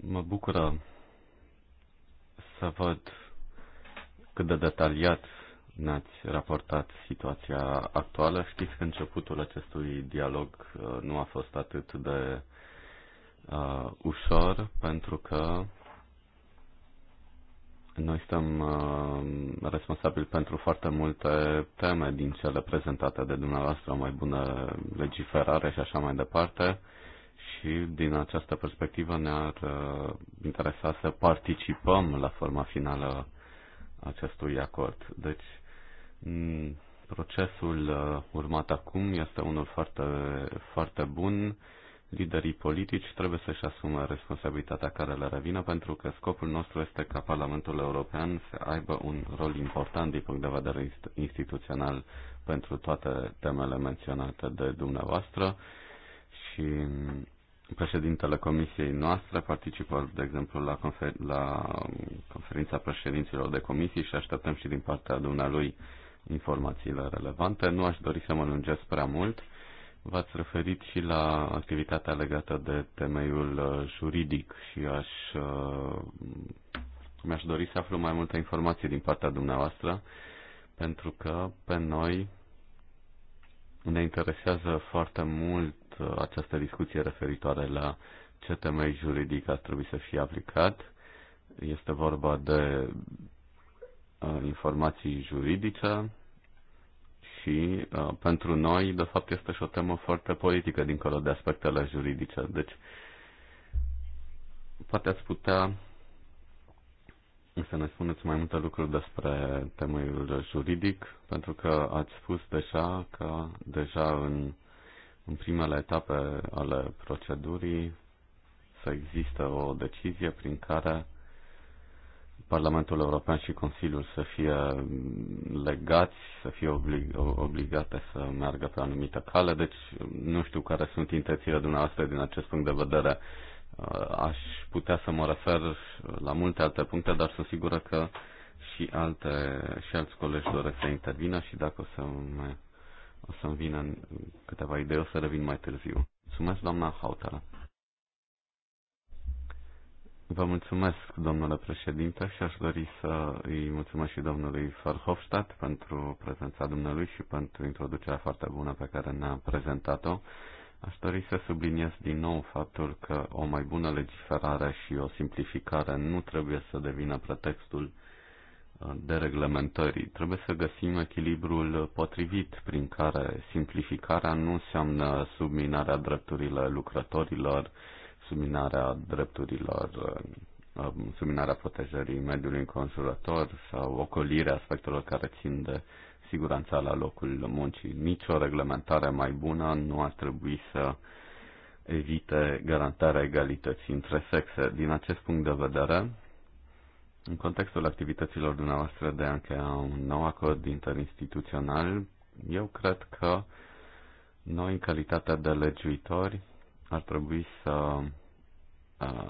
Mă bucură să văd cât de detaliat ne-ați raportat situația actuală. Știți că începutul acestui dialog uh, nu a fost atât de uh, ușor, pentru că noi suntem uh, responsabili pentru foarte multe teme din cele prezentate de dumneavoastră, o mai bună legiferare și așa mai departe și din această perspectivă ne-ar uh, interesa să participăm la forma finală acestui acord. Deci, mm, procesul uh, urmat acum este unul foarte, foarte bun. Liderii politici trebuie să-și asume responsabilitatea care le revine, pentru că scopul nostru este ca Parlamentul European să aibă un rol important din punct de vedere instituțional pentru toate temele menționate de dumneavoastră și mm, Președintele comisiei noastre participă, de exemplu, la, confer- la um, conferința președinților de comisii și așteptăm și din partea dumnealui informațiile relevante. Nu aș dori să mă lungesc prea mult. V-ați referit și la activitatea legată de temeiul uh, juridic și aș, uh, mi-aș dori să aflu mai multe informații din partea dumneavoastră, pentru că pe noi ne interesează foarte mult această discuție referitoare la ce temei juridic ar trebui să fie aplicat. Este vorba de informații juridice și pentru noi, de fapt, este și o temă foarte politică dincolo de aspectele juridice. Deci, poate ați putea să ne spuneți mai multe lucruri despre temeiul juridic, pentru că ați spus deja că deja în în primele etape ale procedurii să există o decizie prin care Parlamentul European și Consiliul să fie legați, să fie oblig, obligate să meargă pe anumită cale. Deci nu știu care sunt intențiile dumneavoastră din acest punct de vedere. Uh, aș putea să mă refer la multe alte puncte, dar sunt sigură că și, alte, și alți colegi doresc să intervină și dacă o să mai o să-mi vină în câteva idei, o să revin mai târziu. Mulțumesc, doamna Hautala. Vă mulțumesc, domnule președinte, și aș dori să îi mulțumesc și domnului Verhofstadt pentru prezența dumnealui și pentru introducerea foarte bună pe care ne-a prezentat-o. Aș dori să subliniez din nou faptul că o mai bună legiferare și o simplificare nu trebuie să devină pretextul dereglementării. Trebuie să găsim echilibrul potrivit prin care simplificarea nu înseamnă subminarea drepturilor lucrătorilor, subminarea drepturilor, um, subminarea protejării mediului înconjurător sau ocolirea aspectelor care țin de siguranța la locul muncii. Nici o reglementare mai bună nu ar trebui să evite garantarea egalității între sexe. Din acest punct de vedere, în contextul activităților dumneavoastră de a încheia un nou acord interinstituțional, eu cred că noi, în calitatea de legiuitori, ar trebui să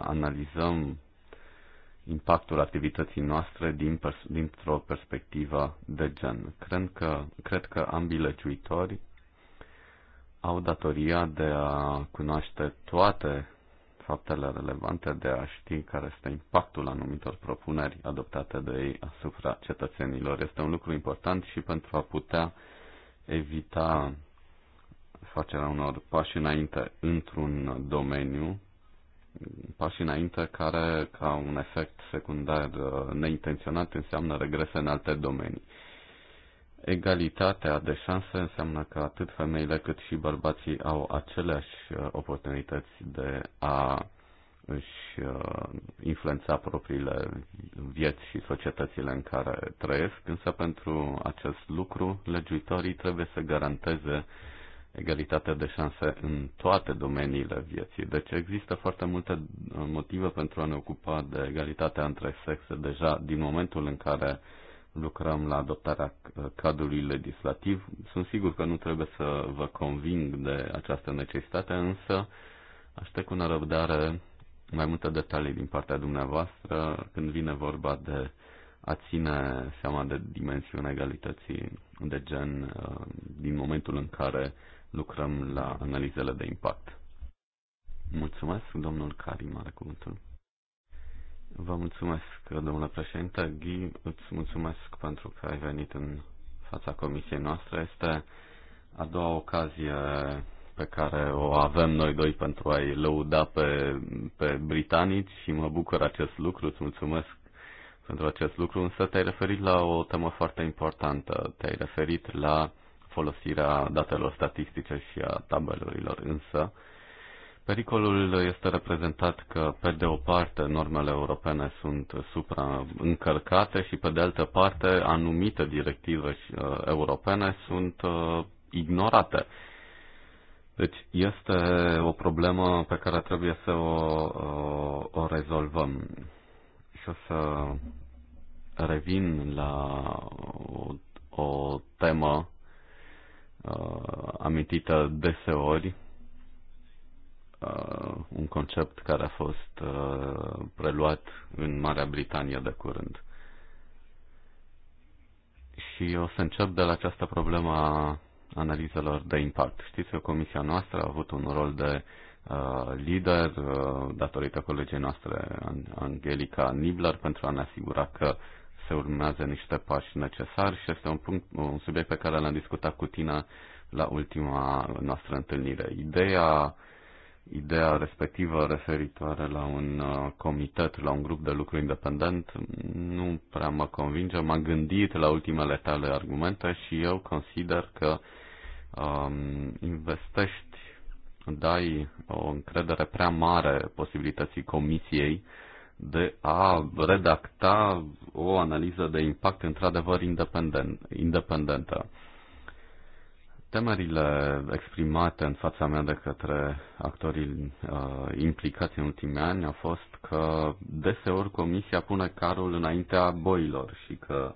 analizăm impactul activității noastre din pers- dintr-o perspectivă de gen. Cred că, cred că ambii legiuitori au datoria de a cunoaște toate faptele relevante de a ști care este impactul anumitor propuneri adoptate de ei asupra cetățenilor. Este un lucru important și pentru a putea evita facerea unor pași înainte într-un domeniu, pași înainte care, ca un efect secundar uh, neintenționat, înseamnă regrese în alte domenii. Egalitatea de șanse înseamnă că atât femeile cât și bărbații au aceleași uh, oportunități de a își uh, influența propriile vieți și societățile în care trăiesc, însă pentru acest lucru legiuitorii trebuie să garanteze egalitatea de șanse în toate domeniile vieții. Deci există foarte multe uh, motive pentru a ne ocupa de egalitatea între sexe deja din momentul în care uh, lucrăm la adoptarea cadrului legislativ. Sunt sigur că nu trebuie să vă conving de această necesitate, însă aștept cu nerăbdare mai multe detalii din partea dumneavoastră când vine vorba de a ține seama de dimensiunea egalității de gen uh, din momentul în care lucrăm la analizele de impact. Mulțumesc, domnul Karim mare cuvântul. Vă mulțumesc, domnule președinte. Ghi, îți mulțumesc pentru că ai venit în fața comisiei noastre. Este a doua ocazie pe care o avem noi doi pentru a-i lăuda pe, pe britanici și mă bucur acest lucru. Îți mulțumesc pentru acest lucru, însă te-ai referit la o temă foarte importantă. Te-ai referit la folosirea datelor statistice și a tabelurilor, însă Pericolul este reprezentat că, pe de o parte, normele europene sunt supraîncălcate și, pe de altă parte, anumite directive uh, europene sunt uh, ignorate. Deci este o problemă pe care trebuie să o, o, uh, o rezolvăm. Și o să revin la o, o temă uh, amintită deseori uh, un concept care a fost uh, preluat în Marea Britanie de curând. Și o să încep de la această problemă a analizelor de impact. Știți că comisia noastră a avut un rol de uh, lider uh, datorită colegii noastre Angelica Nibler pentru a ne asigura că se urmează niște pași necesari și este un, punct, un subiect pe care l-am discutat cu tine la ultima noastră întâlnire. Ideea ideea respectivă referitoare la un uh, comitet, la un grup de lucru independent, nu prea mă convinge. M-am gândit la ultimele tale argumente și eu consider că um, investești, dai o încredere prea mare posibilității comisiei de a redacta o analiză de impact într-adevăr independent, independentă Temerile exprimate în fața mea de către actorii uh, implicați în ultimii ani a fost că deseori comisia pune carul înaintea boilor și că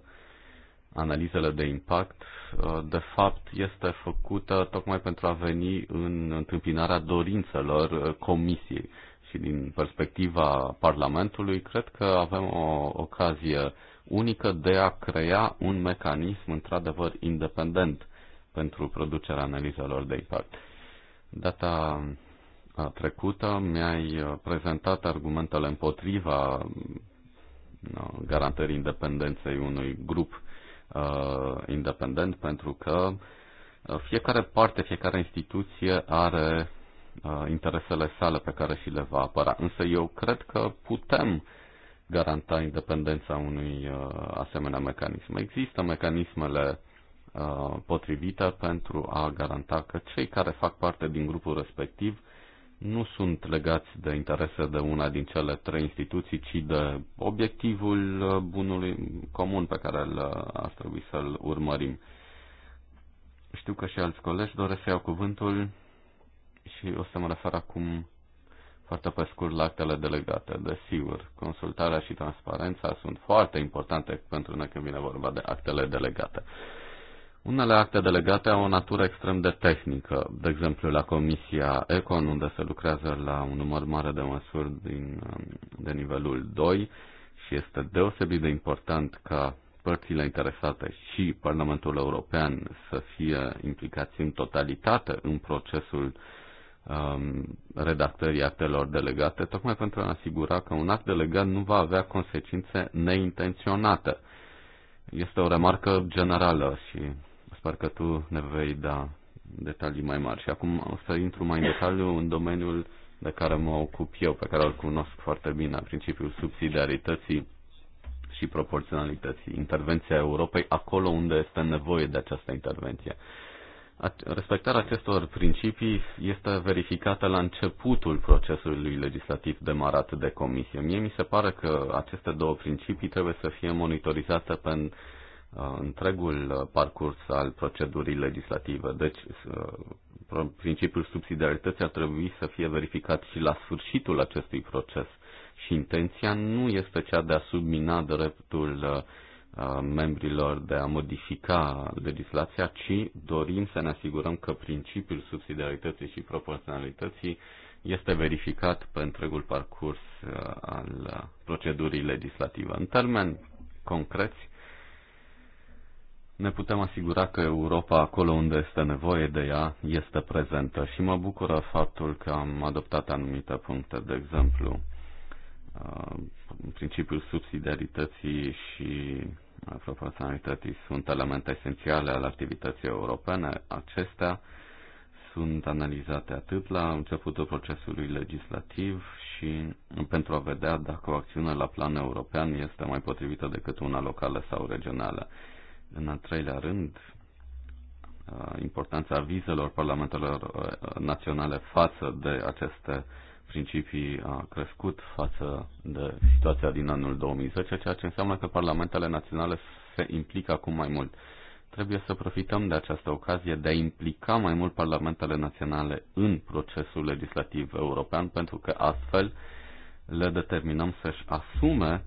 analizele de impact uh, de fapt este făcută tocmai pentru a veni în întâmpinarea dorințelor uh, comisiei. Și din perspectiva Parlamentului, cred că avem o ocazie unică de a crea un mecanism într-adevăr independent pentru producerea analizelor de impact. Data trecută mi-ai prezentat argumentele împotriva garantării independenței unui grup uh, independent pentru că fiecare parte, fiecare instituție are uh, interesele sale pe care și le va apăra. Însă eu cred că putem garanta independența unui uh, asemenea mecanism. Există mecanismele Uh, potrivită pentru a garanta că cei care fac parte din grupul respectiv nu sunt legați de interese de una din cele trei instituții, ci de obiectivul uh, bunului comun pe care îl uh, ar trebui să-l urmărim. Știu că și alți colegi doresc să iau cuvântul și o să mă refer acum foarte pe scurt la actele delegate. Desigur, consultarea și transparența sunt foarte importante pentru noi când vine vorba de actele delegate. Unele acte delegate au o natură extrem de tehnică, de exemplu la Comisia ECON, unde se lucrează la un număr mare de măsuri din, de nivelul 2 și este deosebit de important ca părțile interesate și Parlamentul European să fie implicați în totalitate în procesul um, redactării actelor delegate, tocmai pentru a asigura că un act delegat nu va avea consecințe neintenționate. Este o remarcă generală și parcă tu ne vei da detalii mai mari. Și acum o să intru mai în detaliu în domeniul de care mă ocup eu, pe care îl cunosc foarte bine, principiul subsidiarității și proporționalității, intervenția Europei acolo unde este nevoie de această intervenție. Respectarea acestor principii este verificată la începutul procesului legislativ demarat de comisie. Mie mi se pare că aceste două principii trebuie să fie monitorizate pe Uh, întregul uh, parcurs al procedurii legislative. Deci, uh, principiul subsidiarității ar trebui să fie verificat și la sfârșitul acestui proces. Și intenția nu este cea de a submina dreptul membrilor de a modifica legislația, ci dorim să ne asigurăm că principiul subsidiarității și proporționalității este verificat pe întregul parcurs al procedurii legislative. În termeni concreți, ne putem asigura că Europa, acolo unde este nevoie de ea, este prezentă. Și mă bucură faptul că am adoptat anumite puncte, de exemplu, uh, principiul subsidiarității și uh, proporționalității sunt elemente esențiale ale activității europene. Acestea sunt analizate atât la începutul procesului legislativ și pentru a vedea dacă o acțiune la plan european este mai potrivită decât una locală sau regională. În al treilea rând, uh, importanța vizelor parlamentelor uh, naționale față de aceste principii a uh, crescut față de situația din anul 2010, ceea ce înseamnă că parlamentele naționale se implică acum mai mult. Trebuie să profităm de această ocazie de a implica mai mult parlamentele naționale în procesul legislativ european, pentru că astfel le determinăm să-și asume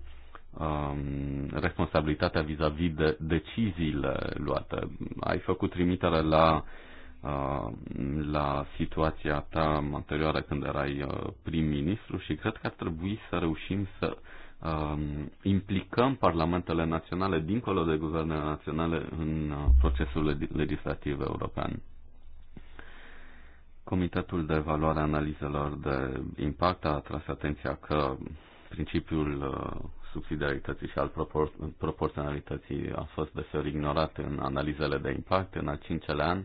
Um, responsabilitatea vis-a-vis -vis de deciziile luate. Ai făcut trimitere la, um, la situația ta anterioară când erai uh, prim-ministru și cred că ar trebui să reușim să um, implicăm parlamentele naționale dincolo de guvernele naționale în uh, procesul legislativ european. Comitetul de evaluare a analizelor de impact a tras atenția că principiul uh, subsidiarității și al propor- proporționalității a fost deseori ignorat în analizele de impact. În a cincelea an,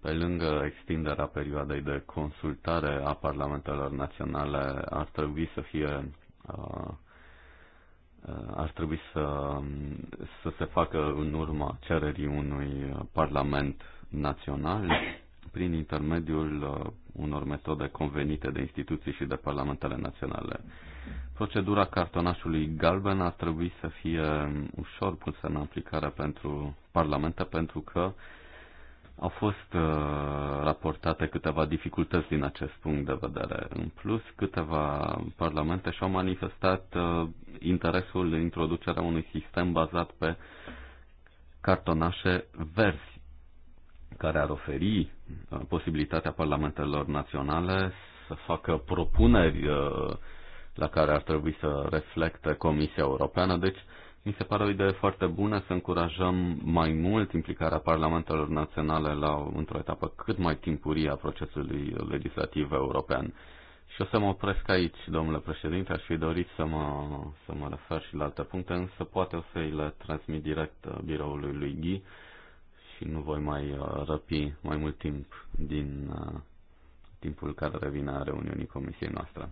pe lângă extinderea perioadei de consultare a parlamentelor naționale, ar trebui să fie uh, ar trebui să, să se facă în urma cererii unui parlament național prin intermediul uh, unor metode convenite de instituții și de parlamentele naționale. Procedura cartonașului galben ar trebui să fie ușor pusă în aplicare pentru Parlamente, pentru că au fost uh, raportate câteva dificultăți din acest punct de vedere. În plus, câteva parlamente și-au manifestat uh, interesul în introducerea unui sistem bazat pe cartonașe verzi, care ar oferi uh, posibilitatea parlamentelor naționale să facă propuneri uh, la care ar trebui să reflecte Comisia Europeană. Deci, mi se pare o idee foarte bună să încurajăm mai mult implicarea parlamentelor naționale la, într-o etapă cât mai timpurie a procesului legislativ european. Și o să mă opresc aici, domnule președinte, aș fi dorit să mă, să mă refer și la alte puncte, însă poate o să-i le transmit direct biroului lui Ghi și nu voi mai uh, răpi mai mult timp din uh, timpul care revine a reuniunii comisiei noastre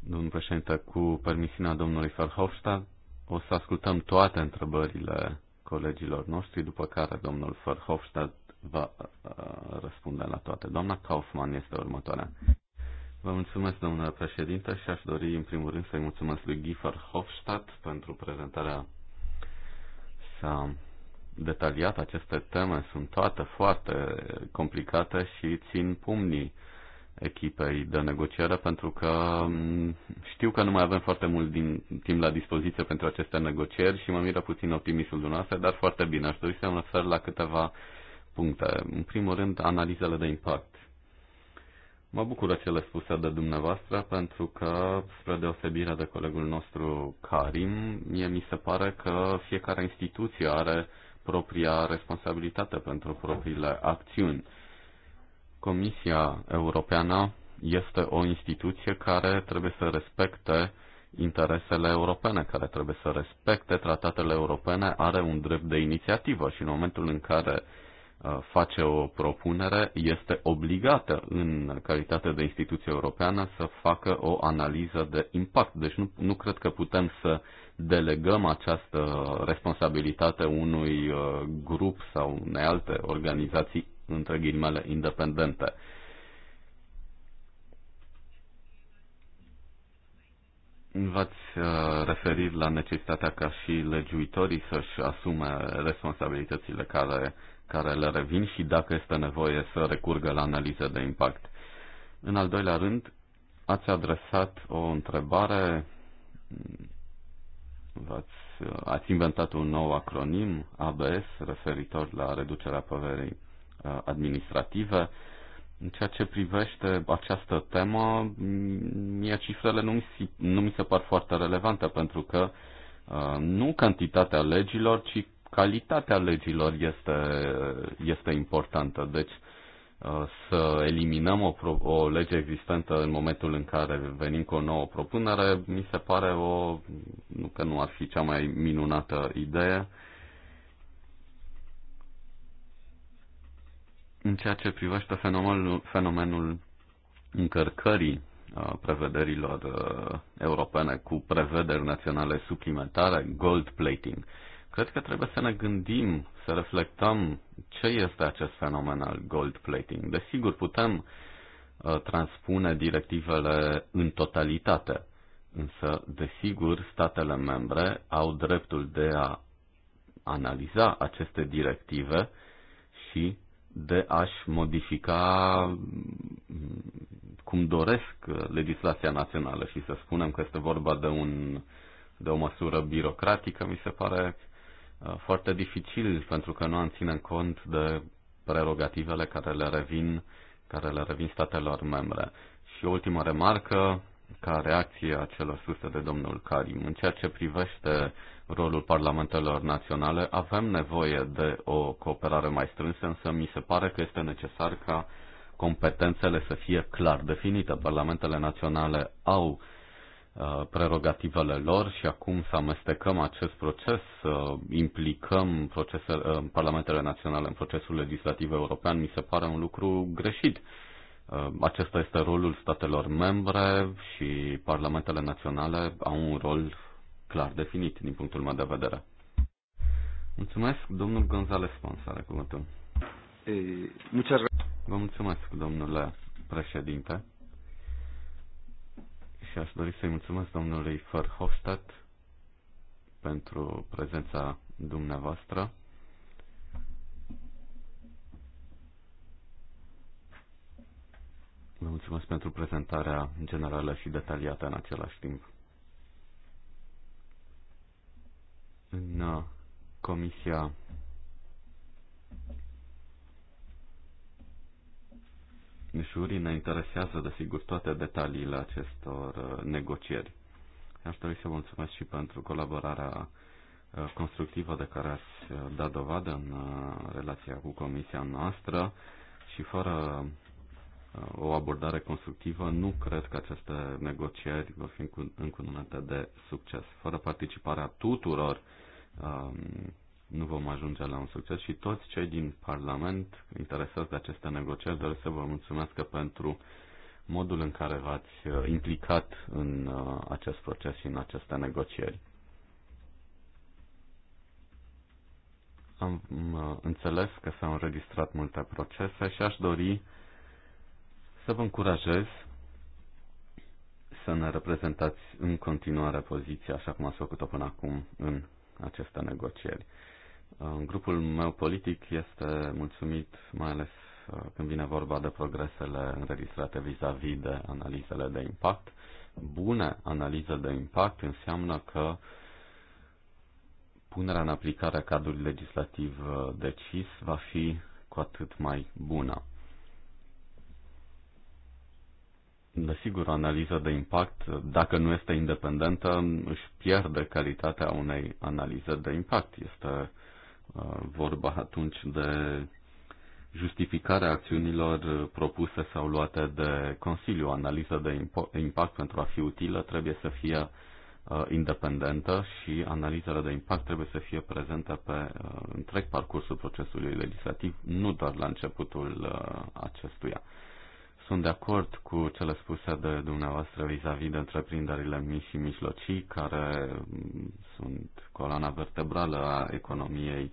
domnul președinte, cu permisiunea domnului Verhofstadt, o să ascultăm toate întrebările colegilor noștri, după care domnul Verhofstadt va uh, răspunde la toate. Doamna Kaufmann este următoarea. Vă mulțumesc, domnule președinte, și aș dori, în primul rând, să-i mulțumesc lui Giffer Hofstadt pentru prezentarea sa detaliată. Aceste teme sunt toate foarte complicate și țin pumnii echipei de negociere pentru că mm, știu că nu mai avem foarte mult din, timp la dispoziție pentru aceste negocieri și mă miră puțin optimismul dumneavoastră, dar foarte bine. Aș dori să mă refer la câteva puncte. În primul rând, analizele de impact. Mă bucură cele spuse de dumneavoastră pentru că, spre deosebire de colegul nostru Karim, mie mi se pare că fiecare instituție are propria responsabilitate pentru propriile acțiuni Comisia Europeană este o instituție care trebuie să respecte interesele europene, care trebuie să respecte tratatele europene, are un drept de inițiativă și în momentul în care uh, face o propunere, este obligată în calitate de instituție europeană să facă o analiză de impact. Deci nu, nu cred că putem să delegăm această responsabilitate unui uh, grup sau unei alte organizații între ghilimele, independente. V-ați uh, referit la necesitatea ca și legiuitorii să-și asume responsabilitățile care, care le revin și dacă este nevoie să recurgă la analize de impact. În al doilea rând, ați adresat o întrebare, ați uh, ați inventat un nou acronim, ABS, referitor la reducerea poverii Uh, administrative. În ceea ce privește această temă, mie cifrele nu mi, se, nu mi se par foarte relevante, pentru că uh, nu cantitatea legilor, ci calitatea legilor este, este importantă. Deci uh, să eliminăm o, pro, o lege existentă în momentul în care venim cu o nouă propunere, mi se pare o, nu că nu ar fi cea mai minunată idee, În ceea ce privește fenomenul, fenomenul încărcării uh, prevederilor uh, europene cu prevederi naționale suplimentare, gold plating. Cred că trebuie să ne gândim, să reflectăm ce este acest fenomen al gold plating. Desigur, putem uh, transpune directivele în totalitate, însă, desigur, statele membre au dreptul de a analiza aceste directive și de a-și modifica mm, cum doresc legislația națională și să spunem că este vorba de, un, de o măsură birocratică, mi se pare uh, foarte dificil pentru că nu am ține cont de prerogativele care le revin, care le revin statelor membre. Și o ultimă remarcă, ca reacție a celor spuse de domnul Karim, în ceea ce privește rolul parlamentelor naționale. Avem nevoie de o cooperare mai strânsă, însă mi se pare că este necesar ca competențele să fie clar definite. Parlamentele naționale au uh, prerogativele lor și acum să amestecăm acest proces, să implicăm procese, uh, parlamentele naționale în procesul legislativ european, mi se pare un lucru greșit. Uh, acesta este rolul statelor membre și parlamentele naționale au un rol clar definit din punctul meu de vedere. Mulțumesc, domnul González Pons, are cuvântul. Eh, Vă mulțumesc, domnule președinte. Și aș dori să-i mulțumesc domnului Verhofstadt pentru prezența dumneavoastră. Vă mulțumesc pentru prezentarea generală și detaliată în același timp. în uh, Comisia Juri ne interesează, desigur, toate detaliile acestor uh, negocieri. Aș dori să mulțumesc și pentru colaborarea uh, constructivă de care ați dat dovadă în relația cu comisia noastră și fără o abordare constructivă, nu cred că aceste negocieri vor fi încununate de succes. Fără participarea tuturor um, nu vom ajunge la un succes și toți cei din Parlament interesați de aceste negocieri doresc să vă mulțumesc pentru modul în care v-ați uh, implicat în uh, acest proces și în aceste negocieri. Am uh, înțeles că s-au înregistrat multe procese și aș dori să vă încurajez să ne reprezentați în continuare poziția așa cum ați făcut-o până acum în aceste negocieri. Uh, grupul meu politic este mulțumit, mai ales uh, când vine vorba de progresele înregistrate vis-a-vis -vis de analizele de impact. Bune analize de impact înseamnă că punerea în aplicare a cadrului legislativ uh, decis va fi cu atât mai bună. Desigur, analiza de impact, dacă nu este independentă, își pierde calitatea unei analize de impact. Este uh, vorba atunci de justificarea acțiunilor propuse sau luate de Consiliu. Analiza de impact pentru a fi utilă trebuie să fie uh, independentă și analizele de impact trebuie să fie prezente pe uh, întreg parcursul procesului legislativ, nu doar la începutul acestuia. Sunt de acord cu cele spuse de dumneavoastră vis-a-vis -vis de întreprinderile mici și mijlocii, care mm, sunt coloana vertebrală a economiei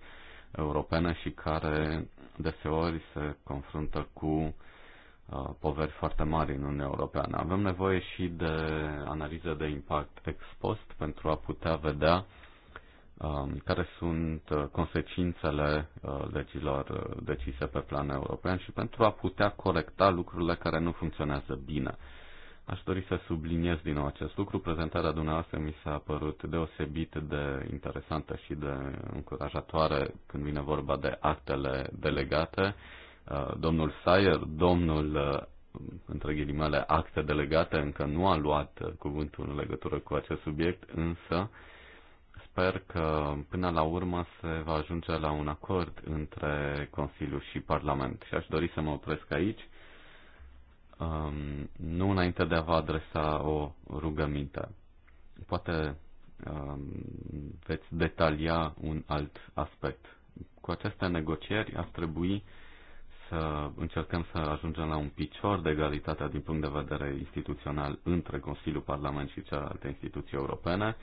europene și care deseori se confruntă cu uh, poveri foarte mari în Uniunea Europeană. Avem nevoie și de analiză de impact ex post pentru a putea vedea uh, Um, care sunt uh, consecințele uh, legilor uh, decise pe plan european și pentru a putea corecta lucrurile care nu funcționează bine. Aș dori să subliniez din nou acest lucru. Prezentarea dumneavoastră mi s-a părut deosebit de interesantă și de încurajatoare când vine vorba de actele delegate. Domnul Sayer, domnul între ghilimele acte delegate, încă nu a luat cuvântul în legătură cu acest subiect, însă uh, sper că până la urmă se va ajunge la un acord între Consiliu și Parlament. Și aș dori să mă opresc aici, um, nu înainte de a vă adresa o rugăminte. Poate um, veți detalia un alt aspect. Cu aceste negocieri ar trebui să încercăm să ajungem la un picior de egalitate din punct de vedere instituțional între Consiliul Parlament și celelalte instituții europene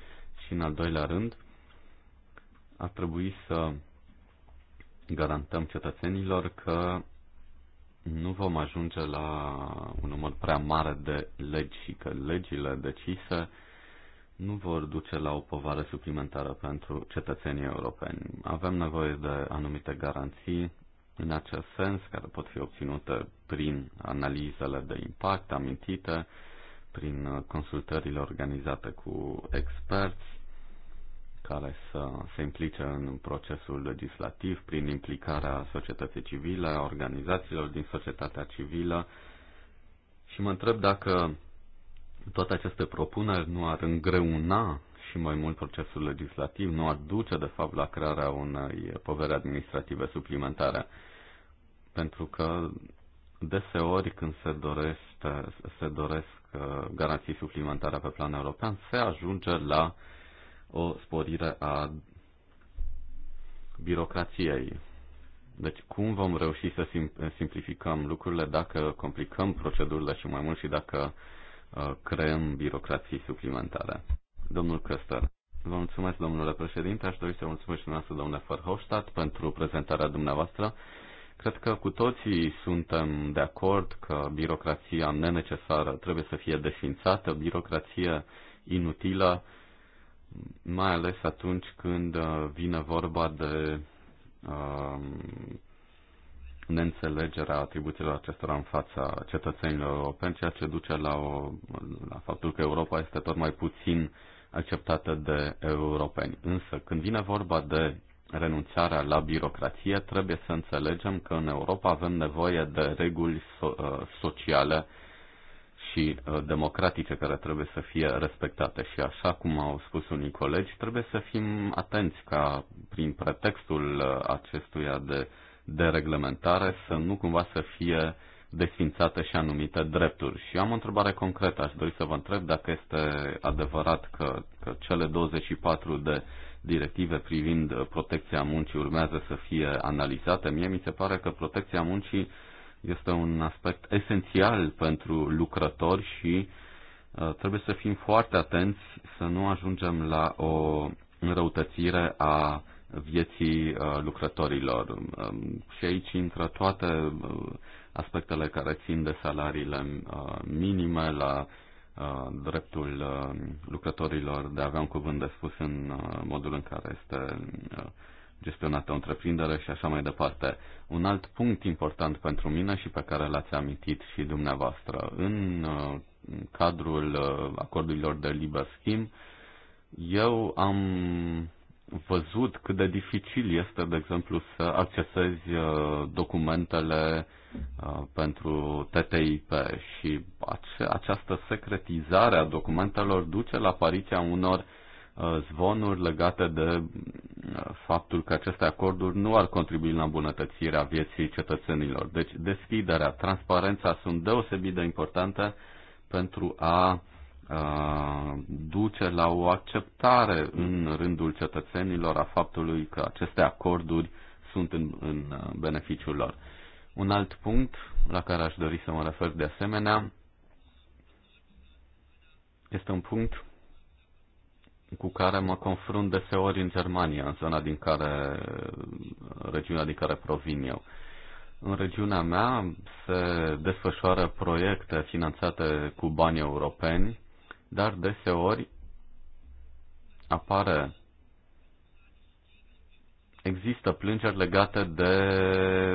și, în al doilea rând, ar trebui să garantăm cetățenilor că nu vom ajunge la un număr prea mare de legi și că legile decise nu vor duce la o povară suplimentară pentru cetățenii europeni. Avem nevoie de anumite garanții în acest sens, care pot fi obținute prin analizele de impact amintite, prin consultările organizate cu experți, care să se implice în procesul legislativ prin implicarea societății civile, a organizațiilor din societatea civilă și mă întreb dacă toate aceste propuneri nu ar îngreuna și mai mult procesul legislativ, nu ar duce de fapt la crearea unei povere administrative suplimentare. Pentru că deseori când se, dorește, se doresc uh, garanții suplimentare pe plan european, se ajunge la uh, o sporire a birocrației. Deci cum vom reuși să simplificăm lucrurile dacă complicăm procedurile și mai mult și dacă uh, creăm birocrații suplimentare? Domnul Căster. Vă mulțumesc, domnule președinte. Aș dori să mulțumesc și noastră, domnule Verhofstadt, pentru prezentarea dumneavoastră. Cred că cu toții suntem de acord că birocrația nenecesară trebuie să fie desfințată, birocrație inutilă mai ales atunci când uh, vine vorba de uh, neînțelegerea atribuțiilor acestora în fața cetățenilor europeni, ceea ce duce la, o, la faptul că Europa este tot mai puțin acceptată de europeni. Însă, când vine vorba de renunțarea la birocrație, trebuie să înțelegem că în Europa avem nevoie de reguli so- uh, sociale uh, și uh, democratice care trebuie să fie respectate și așa cum au spus unii colegi, trebuie să fim atenți ca prin pretextul uh, acestuia de, de reglementare să nu cumva să fie desfințate și anumite drepturi. Și am o întrebare concretă, aș dori să vă întreb dacă este adevărat că, că cele 24 de directive privind protecția muncii urmează să fie analizate. Mie mi se pare că protecția muncii uh, este un aspect esențial pentru lucrători și uh, trebuie să fim foarte atenți să nu ajungem la o înrăutățire a vieții uh, lucrătorilor. Um, și aici intră toate uh, aspectele care țin de salariile minime, la dreptul lucrătorilor de a avea un cuvânt de spus în modul în care este gestionată o întreprindere și așa mai departe. Un alt punct important pentru mine și pe care l-ați amintit și dumneavoastră, în uh, cadrul uh, acordurilor de liber schimb, eu am văzut cât de dificil este, de exemplu, să accesezi uh, documentele pentru TTIP și această secretizare a documentelor duce la apariția unor uh, Uh, zvonuri legate de uh, faptul că aceste acorduri nu ar contribui la îmbunătățirea vieții cetățenilor. Deci deschiderea, transparența sunt deosebit de importante pentru a, uh, duce la o acceptare în rândul cetățenilor a faptului că aceste acorduri sunt în, în beneficiul lor. Un alt punct la care aș dori să mă refer de asemenea este un punct cu care mă confrunt deseori în Germania, în zona din care, regiunea din care provin eu. În regiunea mea se desfășoară proiecte finanțate cu bani europeni, dar deseori apare există plângeri legate de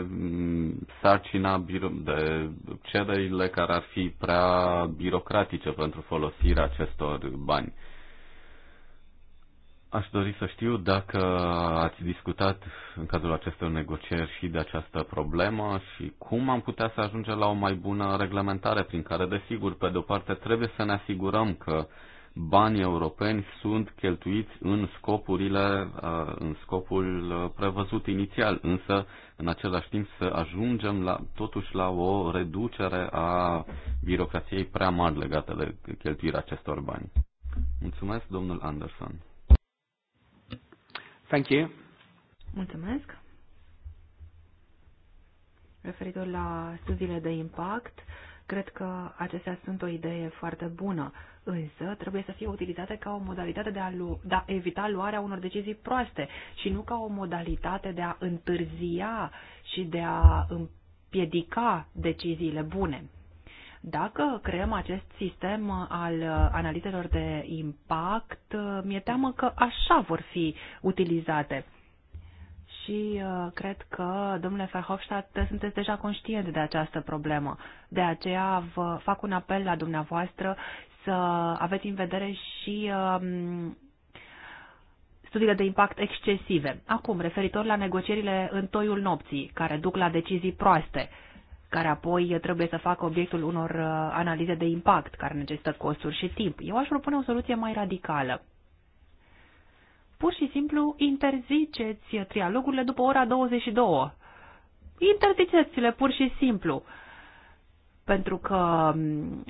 mm, sarcina, de cererile care ar fi prea birocratice pentru folosirea acestor bani. Aș dori să știu dacă ați discutat în cadrul acestor negocieri și de această problemă și cum am putea să ajungem la o mai bună reglementare prin care, desigur, pe de-o parte trebuie să ne asigurăm că banii europeni sunt cheltuiți în scopurile, uh, în scopul uh, prevăzut inițial, însă în același timp să ajungem la, totuși la o reducere a birocrației prea mari legată de cheltuirea acestor bani. Mulțumesc, domnul Anderson. Thank you. Mulțumesc. Referitor la studiile de impact, cred că acestea sunt o idee foarte bună, însă trebuie să fie utilizate ca o modalitate de a, lu- de a evita luarea unor decizii proaste și nu ca o modalitate de a întârzia și de a împiedica deciziile bune. Dacă creăm acest sistem al analizelor de impact, mi-e teamă că așa vor fi utilizate. Și uh, cred că, domnule Verhofstadt, sunteți deja conștient de această problemă. De aceea vă fac un apel la dumneavoastră să aveți în vedere și um, studiile de impact excesive. Acum, referitor la negocierile în toiul nopții, care duc la decizii proaste, care apoi trebuie să facă obiectul unor uh, analize de impact, care necesită costuri și timp. Eu aș propune o soluție mai radicală. Pur și simplu interziceți trialogurile după ora 22. Interziceți-le pur și simplu. Pentru că mm,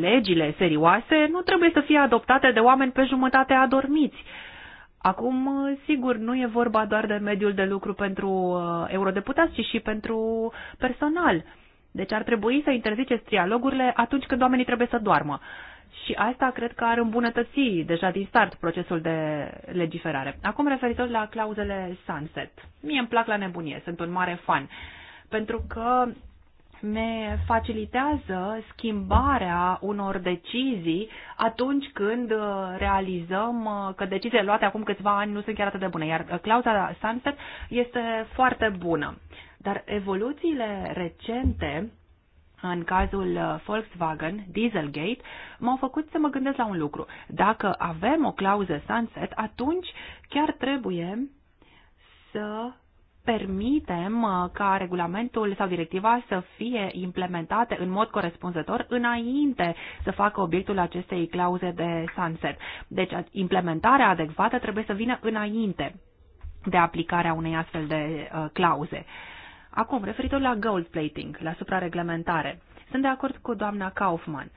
legile serioase nu trebuie să fie adoptate de oameni pe jumătate adormiți Acum, sigur, nu e vorba doar de mediul de lucru pentru uh, eurodeputați, ci și pentru personal. Deci ar trebui să interziceți trialogurile atunci când oamenii trebuie să doarmă. Și asta cred că ar îmbunătăți deja din start procesul de legiferare. Acum referitor la clauzele sunset. Mie îmi plac la nebunie, sunt un mare fan. Pentru că ne facilitează schimbarea unor decizii atunci când uh, realizăm uh, că deciziile luate acum câțiva ani nu sunt chiar atât de bune, iar uh, clauza sunset este foarte bună. Dar evoluțiile recente în cazul Volkswagen, Dieselgate, m-au făcut să mă gândesc la un lucru. Dacă avem o clauză sunset, atunci chiar trebuie să permitem uh, ca regulamentul sau directiva să fie implementate în mod corespunzător înainte să facă obiectul acestei clauze de sunset. Deci implementarea adecvată trebuie să vină înainte de aplicarea unei astfel de uh, clauze. Acum, referitor la gold plating, la suprareglementare, sunt de acord cu doamna Kaufman.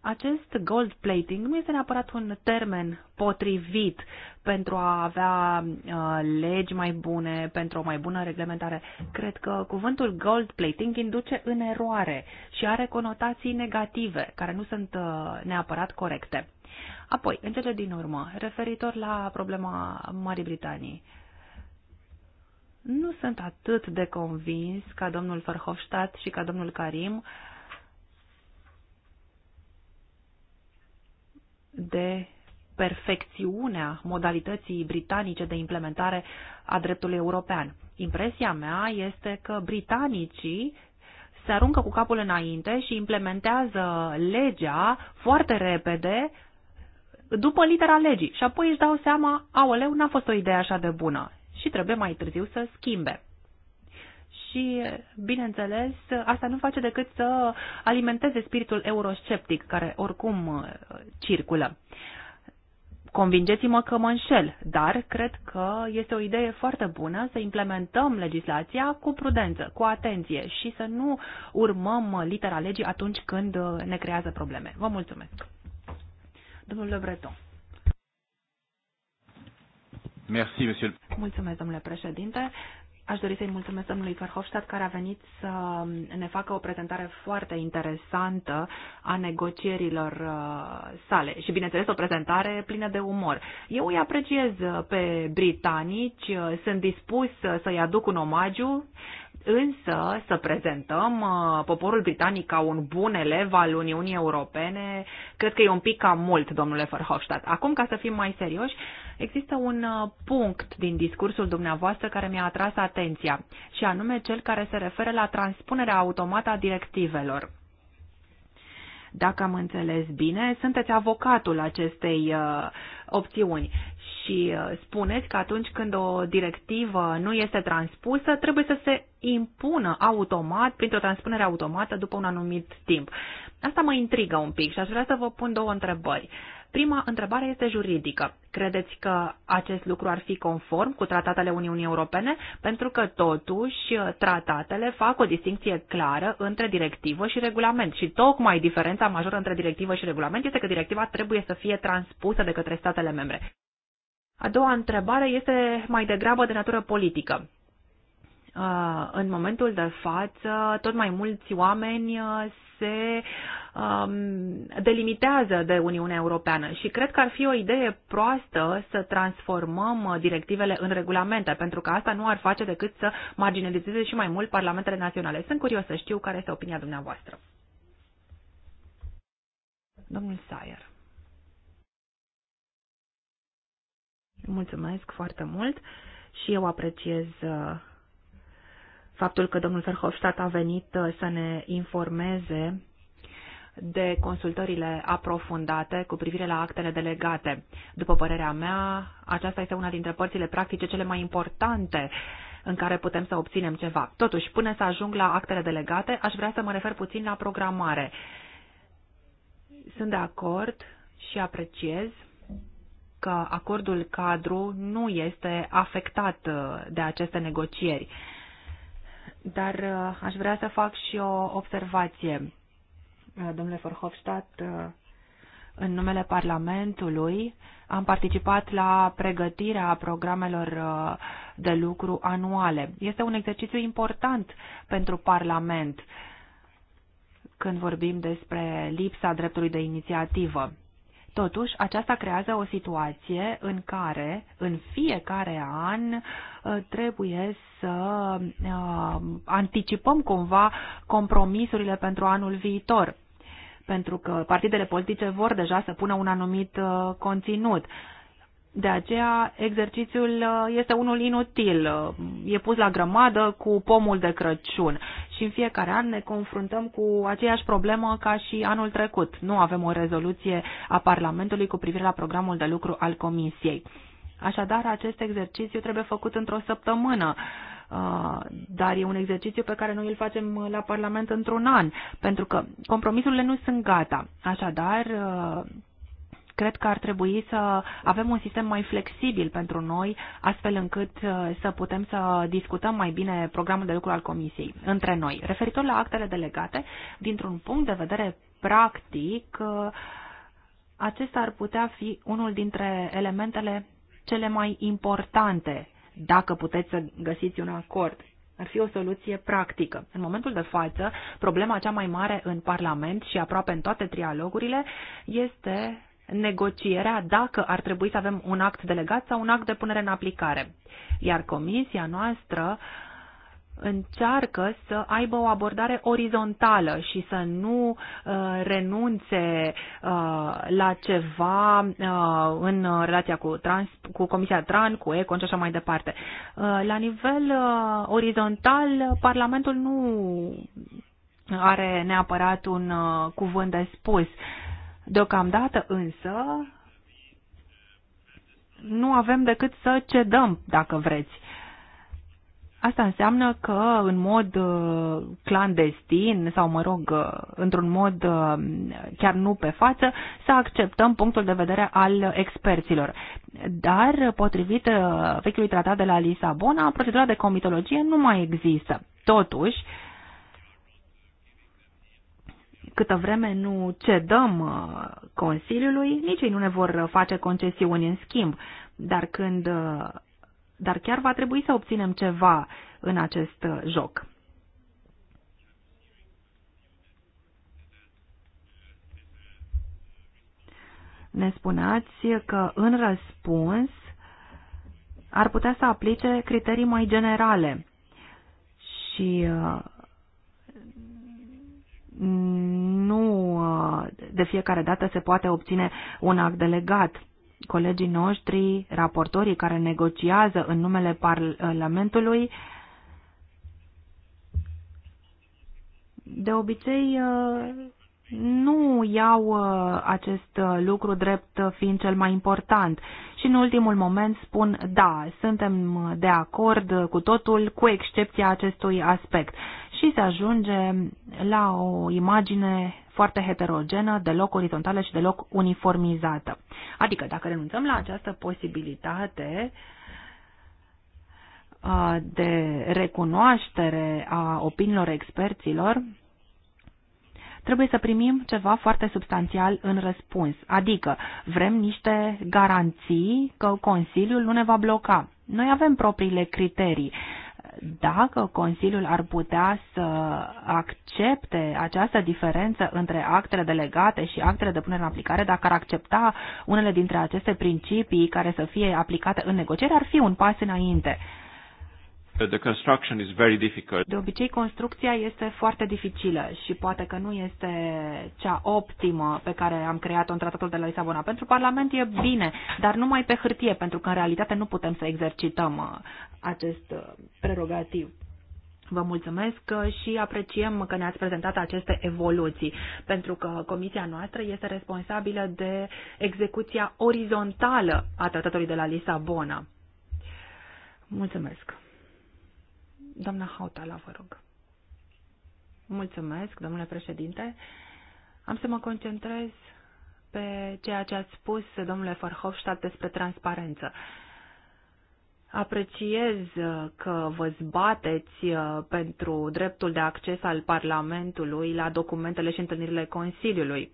Acest gold plating nu este neapărat un termen potrivit pentru a avea uh, legi mai bune, pentru o mai bună reglementare. Cred că cuvântul gold plating induce în eroare și are conotații negative, care nu sunt uh, neapărat corecte. Apoi, în cele din urmă, referitor la problema Marii Britanii, nu sunt atât de convins ca domnul Verhofstadt și ca domnul Karim de perfecțiunea modalității britanice de implementare a dreptului european. Impresia mea este că britanicii se aruncă cu capul înainte și implementează legea foarte repede după litera legii și apoi își dau seama, aoleu, n-a fost o idee așa de bună și trebuie mai târziu să schimbe. Și, bineînțeles, asta nu face decât să alimenteze spiritul eurosceptic care oricum uh, circulă. Convingeți-mă că mă înșel, dar cred că este o idee foarte bună să implementăm legislația cu prudență, cu atenție și să nu urmăm litera legii atunci când ne creează probleme. Vă mulțumesc. Domnule Breton. Merci, monsieur. Mulțumesc, domnule președinte. Aș dori să-i mulțumesc domnului Verhofstadt care a venit să ne facă o prezentare foarte interesantă a negocierilor uh, sale și, bineînțeles, o prezentare plină de umor. Eu îi apreciez pe britanici, uh, sunt dispus să-i aduc un omagiu, însă să prezentăm uh, poporul britanic ca un bun elev al Uniunii Europene, cred că e un pic cam mult, domnule Verhofstadt. Acum, ca să fim mai serioși, Există un uh, punct din discursul dumneavoastră care mi-a atras atenția, și anume cel care se referă la transpunerea automată a directivelor. Dacă am înțeles bine, sunteți avocatul acestei uh, opțiuni și uh, spuneți că atunci când o directivă nu este transpusă, trebuie să se impună automat, printr-o transpunere automată, după un anumit timp. Asta mă intrigă un pic și aș vrea să vă pun două întrebări. Uh, Prima întrebare este juridică. Credeți că acest lucru ar fi conform cu tratatele Uniunii Europene? Pentru că, totuși, tratatele fac o distinție clară între directivă și regulament. Și tocmai diferența majoră între directivă și regulament este că directiva trebuie să fie transpusă de către statele membre. A doua întrebare este mai degrabă de natură politică. Uh, în momentul de față tot mai mulți oameni uh, se um, delimitează de Uniunea Europeană și cred că ar fi o idee proastă să transformăm uh, directivele în regulamente, pentru că asta nu ar face decât să marginalizeze și mai mult parlamentele naționale. Sunt curios să știu care este opinia dumneavoastră. Domnul Sayer. Mulțumesc foarte mult și eu apreciez faptul că domnul Verhofstadt a venit uh, să ne informeze de consultările aprofundate cu privire la actele delegate. După părerea mea, aceasta este una dintre părțile practice cele mai importante în care putem să obținem ceva. Totuși, până să ajung la actele delegate, aș vrea să mă refer puțin la programare. Sunt de acord și apreciez că acordul cadru nu este afectat uh, de aceste negocieri dar uh, aș vrea să fac și o observație. Uh, domnule Forhofstadt, uh, în numele Parlamentului am participat la pregătirea programelor de lucru anuale. Este un exercițiu important pentru Parlament când vorbim despre lipsa dreptului de inițiativă. Totuși, aceasta creează o situație în care în fiecare an uh, trebuie să uh, anticipăm cumva compromisurile pentru anul viitor pentru că partidele politice vor deja să pună un anumit uh, conținut de aceea, exercițiul uh, este unul inutil. Uh, e pus la grămadă cu pomul de Crăciun și în fiecare an ne confruntăm cu aceeași problemă ca și anul trecut. Nu avem o rezoluție a Parlamentului cu privire la programul de lucru al Comisiei. Așadar, acest exercițiu trebuie făcut într-o săptămână, uh, dar e un exercițiu pe care noi îl facem la Parlament într-un an, pentru că compromisurile nu sunt gata. Așadar, Cred că ar trebui să avem un sistem mai flexibil pentru noi, astfel încât uh, să putem să discutăm mai bine programul de lucru al Comisiei între noi. Referitor la actele delegate, dintr-un punct de vedere practic, uh, acesta ar putea fi unul dintre elementele cele mai importante, dacă puteți să găsiți un acord. Ar fi o soluție practică. În momentul de față, problema cea mai mare în Parlament și aproape în toate trialogurile este negocierea dacă ar trebui să avem un act delegat sau un act de punere în aplicare. Iar comisia noastră încearcă să aibă o abordare orizontală și să nu uh, renunțe uh, la ceva uh, în relația cu, trans, cu Comisia Tran, cu ECON și așa mai departe. Uh, la nivel uh, orizontal, Parlamentul nu are neapărat un uh, cuvânt de spus. Uh, Deocamdată însă nu avem decât să cedăm, dacă vreți. Asta înseamnă că în mod uh, clandestin sau, mă rog, uh, într-un mod uh, chiar nu pe față, să acceptăm punctul de vedere al experților. Dar, potrivit vechiului tratat de la Lisabona, procedura de comitologie nu mai există. Totuși, câtă vreme nu cedăm uh, Consiliului, nici ei nu ne vor face concesiuni în schimb. Dar când uh, dar chiar va trebui să obținem ceva în acest uh, joc. Ne spuneați că în răspuns ar putea să aplice criterii mai generale și nu uh, de fiecare dată se poate obține un act delegat. Colegii noștri, raportorii care negociază în numele Parlamentului, de obicei uh, nu iau uh, acest lucru drept fiind cel mai important și în ultimul moment spun da, suntem de acord cu totul, cu excepția acestui aspect și se ajunge la o imagine foarte heterogenă, deloc orizontală și deloc uniformizată. Adică dacă renunțăm la această posibilitate de recunoaștere a opiniilor experților, trebuie să primim ceva foarte substanțial în răspuns. Adică vrem niște garanții că Consiliul nu ne va bloca. Noi avem propriile criterii, dacă Consiliul ar putea să accepte această diferență între actele delegate și actele de punere în aplicare, dacă ar accepta unele dintre aceste principii care să fie aplicate în negocieri, ar fi un pas înainte. The construction is very difficult. De obicei, construcția este foarte dificilă și poate că nu este cea optimă pe care am creat-o în Tratatul de la Lisabona. Pentru Parlament e bine, dar numai pe hârtie, pentru că în realitate nu putem să exercităm uh, acest uh, prerogativ. Vă mulțumesc uh, și apreciem că ne-ați prezentat aceste evoluții, pentru că comisia noastră este responsabilă de execuția orizontală a tratatului de la Lisabona. Mulțumesc! Doamna Hautala, vă rog. Mulțumesc, domnule președinte. Am să mă concentrez pe ceea ce a spus, domnule Farhofstadt despre transparență. Apreciez că vă zbateți uh, pentru dreptul de acces al Parlamentului la documentele și întâlnirile Consiliului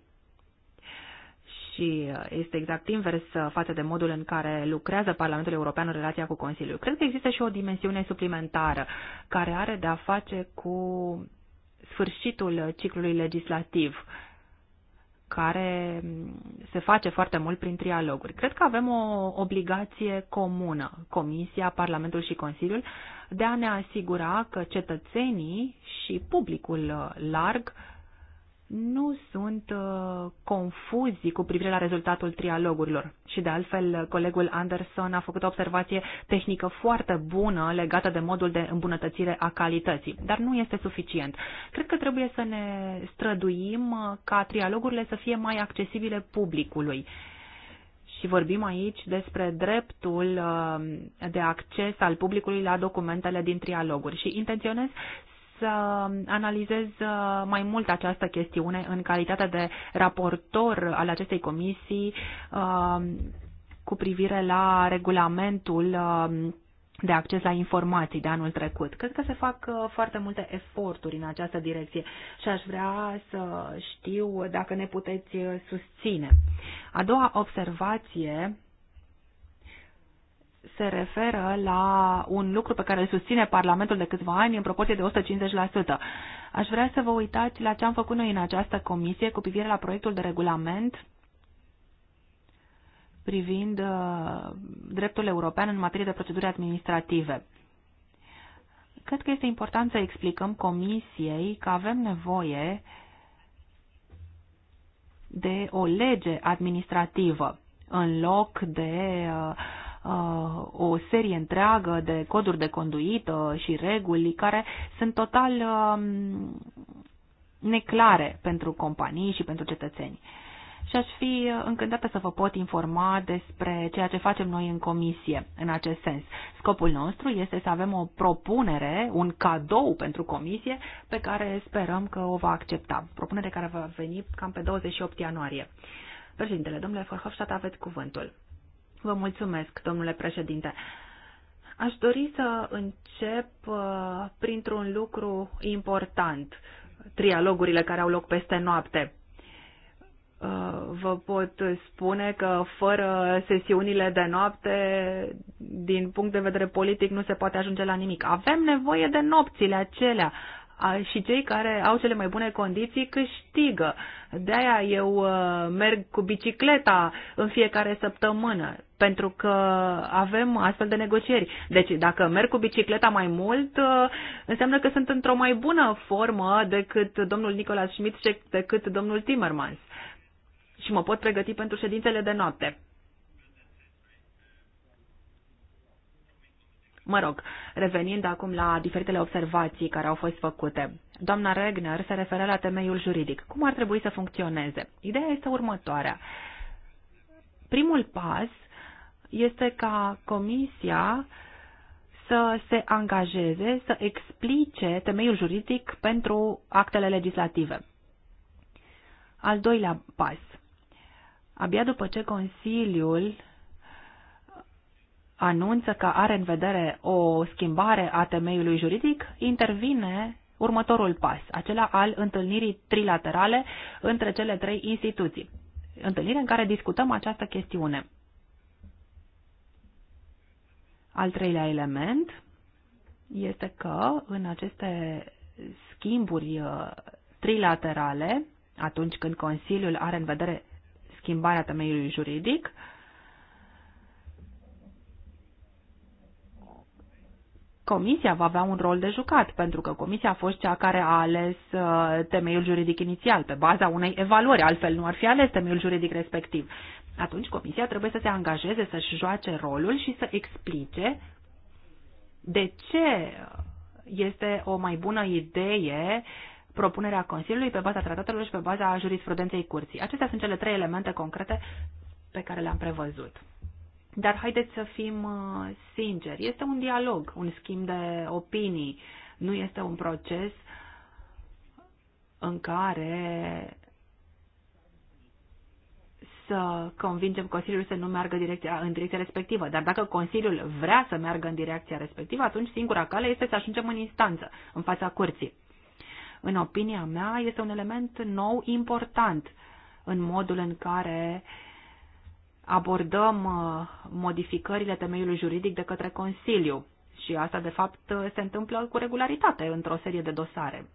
și uh, este exact invers uh, față de modul în care lucrează Parlamentul European în relația cu Consiliul. Cred că există și o dimensiune suplimentară care are de a face cu sfârșitul ciclului legislativ care mm, se face foarte mult prin trialoguri. Cred că avem o obligație comună, Comisia, Parlamentul și Consiliul, de a ne asigura că cetățenii și publicul uh, larg nu sunt uh, confuzi cu privire la rezultatul trialogurilor. Și de altfel, colegul Anderson a făcut o observație tehnică foarte bună legată de modul de îmbunătățire a calității, dar nu este suficient. Cred că trebuie să ne străduim uh, ca trialogurile să fie mai accesibile publicului. Și vorbim aici despre dreptul uh, de acces al publicului la documentele din trialoguri. Și intenționez să analizez uh, mai mult această chestiune în calitate de raportor al acestei comisii uh, cu privire la regulamentul uh, de acces la informații de anul trecut. Cred că se fac foarte multe eforturi în această direcție și aș vrea să știu dacă ne puteți susține. A doua observație se referă la un lucru pe care îl susține Parlamentul de câțiva ani în proporție de 150%. Aș vrea să vă uitați la ce am făcut noi în această comisie cu privire la proiectul de regulament privind uh, dreptul european în materie de proceduri administrative. Cred că este important să explicăm Comisiei că avem nevoie de o lege administrativă în loc de uh, Uh, o serie întreagă de coduri de conduită și reguli care sunt total um, neclare pentru companii și pentru cetățeni. Și aș fi încântată să vă pot informa despre ceea ce facem noi în comisie în acest sens. Scopul nostru este să avem o propunere, un cadou pentru comisie pe care sperăm că o va accepta. Propunere care va veni cam pe 28 ianuarie. Președintele, domnule Forhofstadt, aveți cuvântul. Vă mulțumesc, domnule președinte. Aș dori să încep uh, printr-un lucru important, trialogurile care au loc peste noapte. Uh, vă pot spune că fără sesiunile de noapte, din punct de vedere politic, nu se poate ajunge la nimic. Avem nevoie de nopțile acelea și cei care au cele mai bune condiții câștigă. De-aia eu uh, merg cu bicicleta în fiecare săptămână pentru că avem astfel de negocieri. Deci dacă merg cu bicicleta mai mult, uh, înseamnă că sunt într-o mai bună formă decât domnul Nicolas Schmidt și decât domnul Timmermans. Și mă pot pregăti pentru ședințele de noapte. Mă rog, revenind acum la diferitele observații care au fost făcute. Doamna Regner se referă la temeiul juridic. Cum ar trebui să funcționeze? Ideea este următoarea. Primul pas este ca Comisia să se angajeze, să explice temeiul juridic pentru actele legislative. Al doilea pas. Abia după ce Consiliul anunță că are în vedere o schimbare a temeiului juridic, intervine următorul pas, acela al întâlnirii trilaterale între cele trei instituții. Întâlnire în care discutăm această chestiune. Al treilea element este că în aceste schimburi uh, trilaterale, atunci când Consiliul are în vedere schimbarea temeiului juridic, Comisia va avea un rol de jucat, pentru că Comisia a fost cea care a ales uh, temeiul juridic inițial, pe baza unei evaluări, altfel nu ar fi ales temeiul juridic respectiv. Atunci Comisia trebuie să se angajeze, să-și joace rolul și să explice de ce este o mai bună idee propunerea Consiliului pe baza tratatelor și pe baza jurisprudenței curții. Acestea sunt cele trei elemente concrete pe care le-am prevăzut. Dar haideți să fim uh, sinceri. Este un dialog, un schimb de opinii. Nu este un proces în care să convingem Consiliul să nu meargă direcția, în direcția respectivă. Dar dacă Consiliul vrea să meargă în direcția respectivă, atunci singura cale este să ajungem în instanță, în fața curții. În opinia mea, este un element nou important în modul în care uh, abordăm uh, modificările temeiului juridic de către Consiliu. Și asta, de fapt, uh, se întâmplă cu regularitate într-o serie de dosare.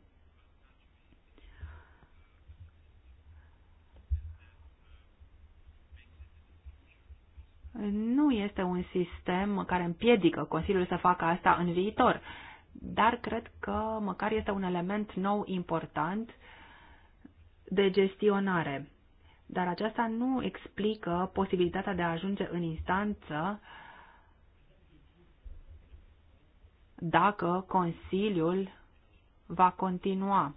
Nu este un sistem care împiedică Consiliul să facă asta în viitor, dar cred că măcar este un element nou important de gestionare dar aceasta nu explică posibilitatea de a ajunge în instanță dacă Consiliul va continua.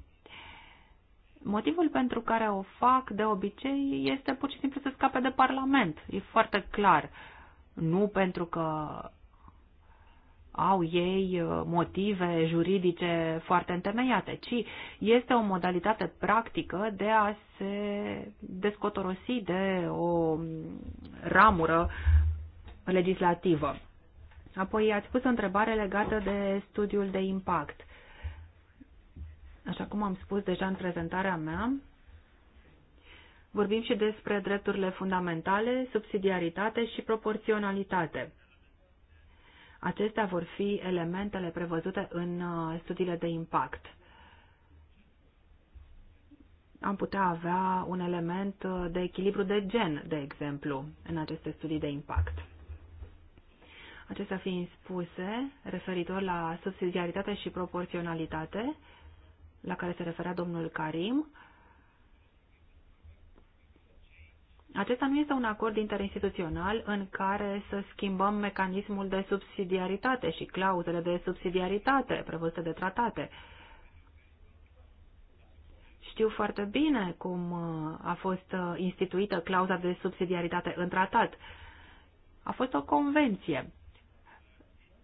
Motivul pentru care o fac de obicei este pur și simplu să scape de Parlament. E foarte clar. Nu pentru că au ei uh, motive juridice foarte întemeiate, ci este o modalitate practică de a se descotorosi de o ramură legislativă. Apoi ați pus o întrebare legată de studiul de impact. Așa cum am spus deja în prezentarea mea, vorbim și despre drepturile fundamentale, subsidiaritate și proporționalitate. Acestea vor fi elementele prevăzute în uh, studiile de impact. Am putea avea un element uh, de echilibru de gen, de exemplu, în aceste studii de impact. Acestea fiind spuse, referitor la subsidiaritate și proporționalitate, la care se referea domnul Karim, Acesta nu este un acord interinstituțional în care să schimbăm mecanismul de subsidiaritate și clauzele de subsidiaritate prevăzute de tratate. Știu foarte bine cum uh, a fost uh, instituită clauza de subsidiaritate în tratat. A fost o convenție.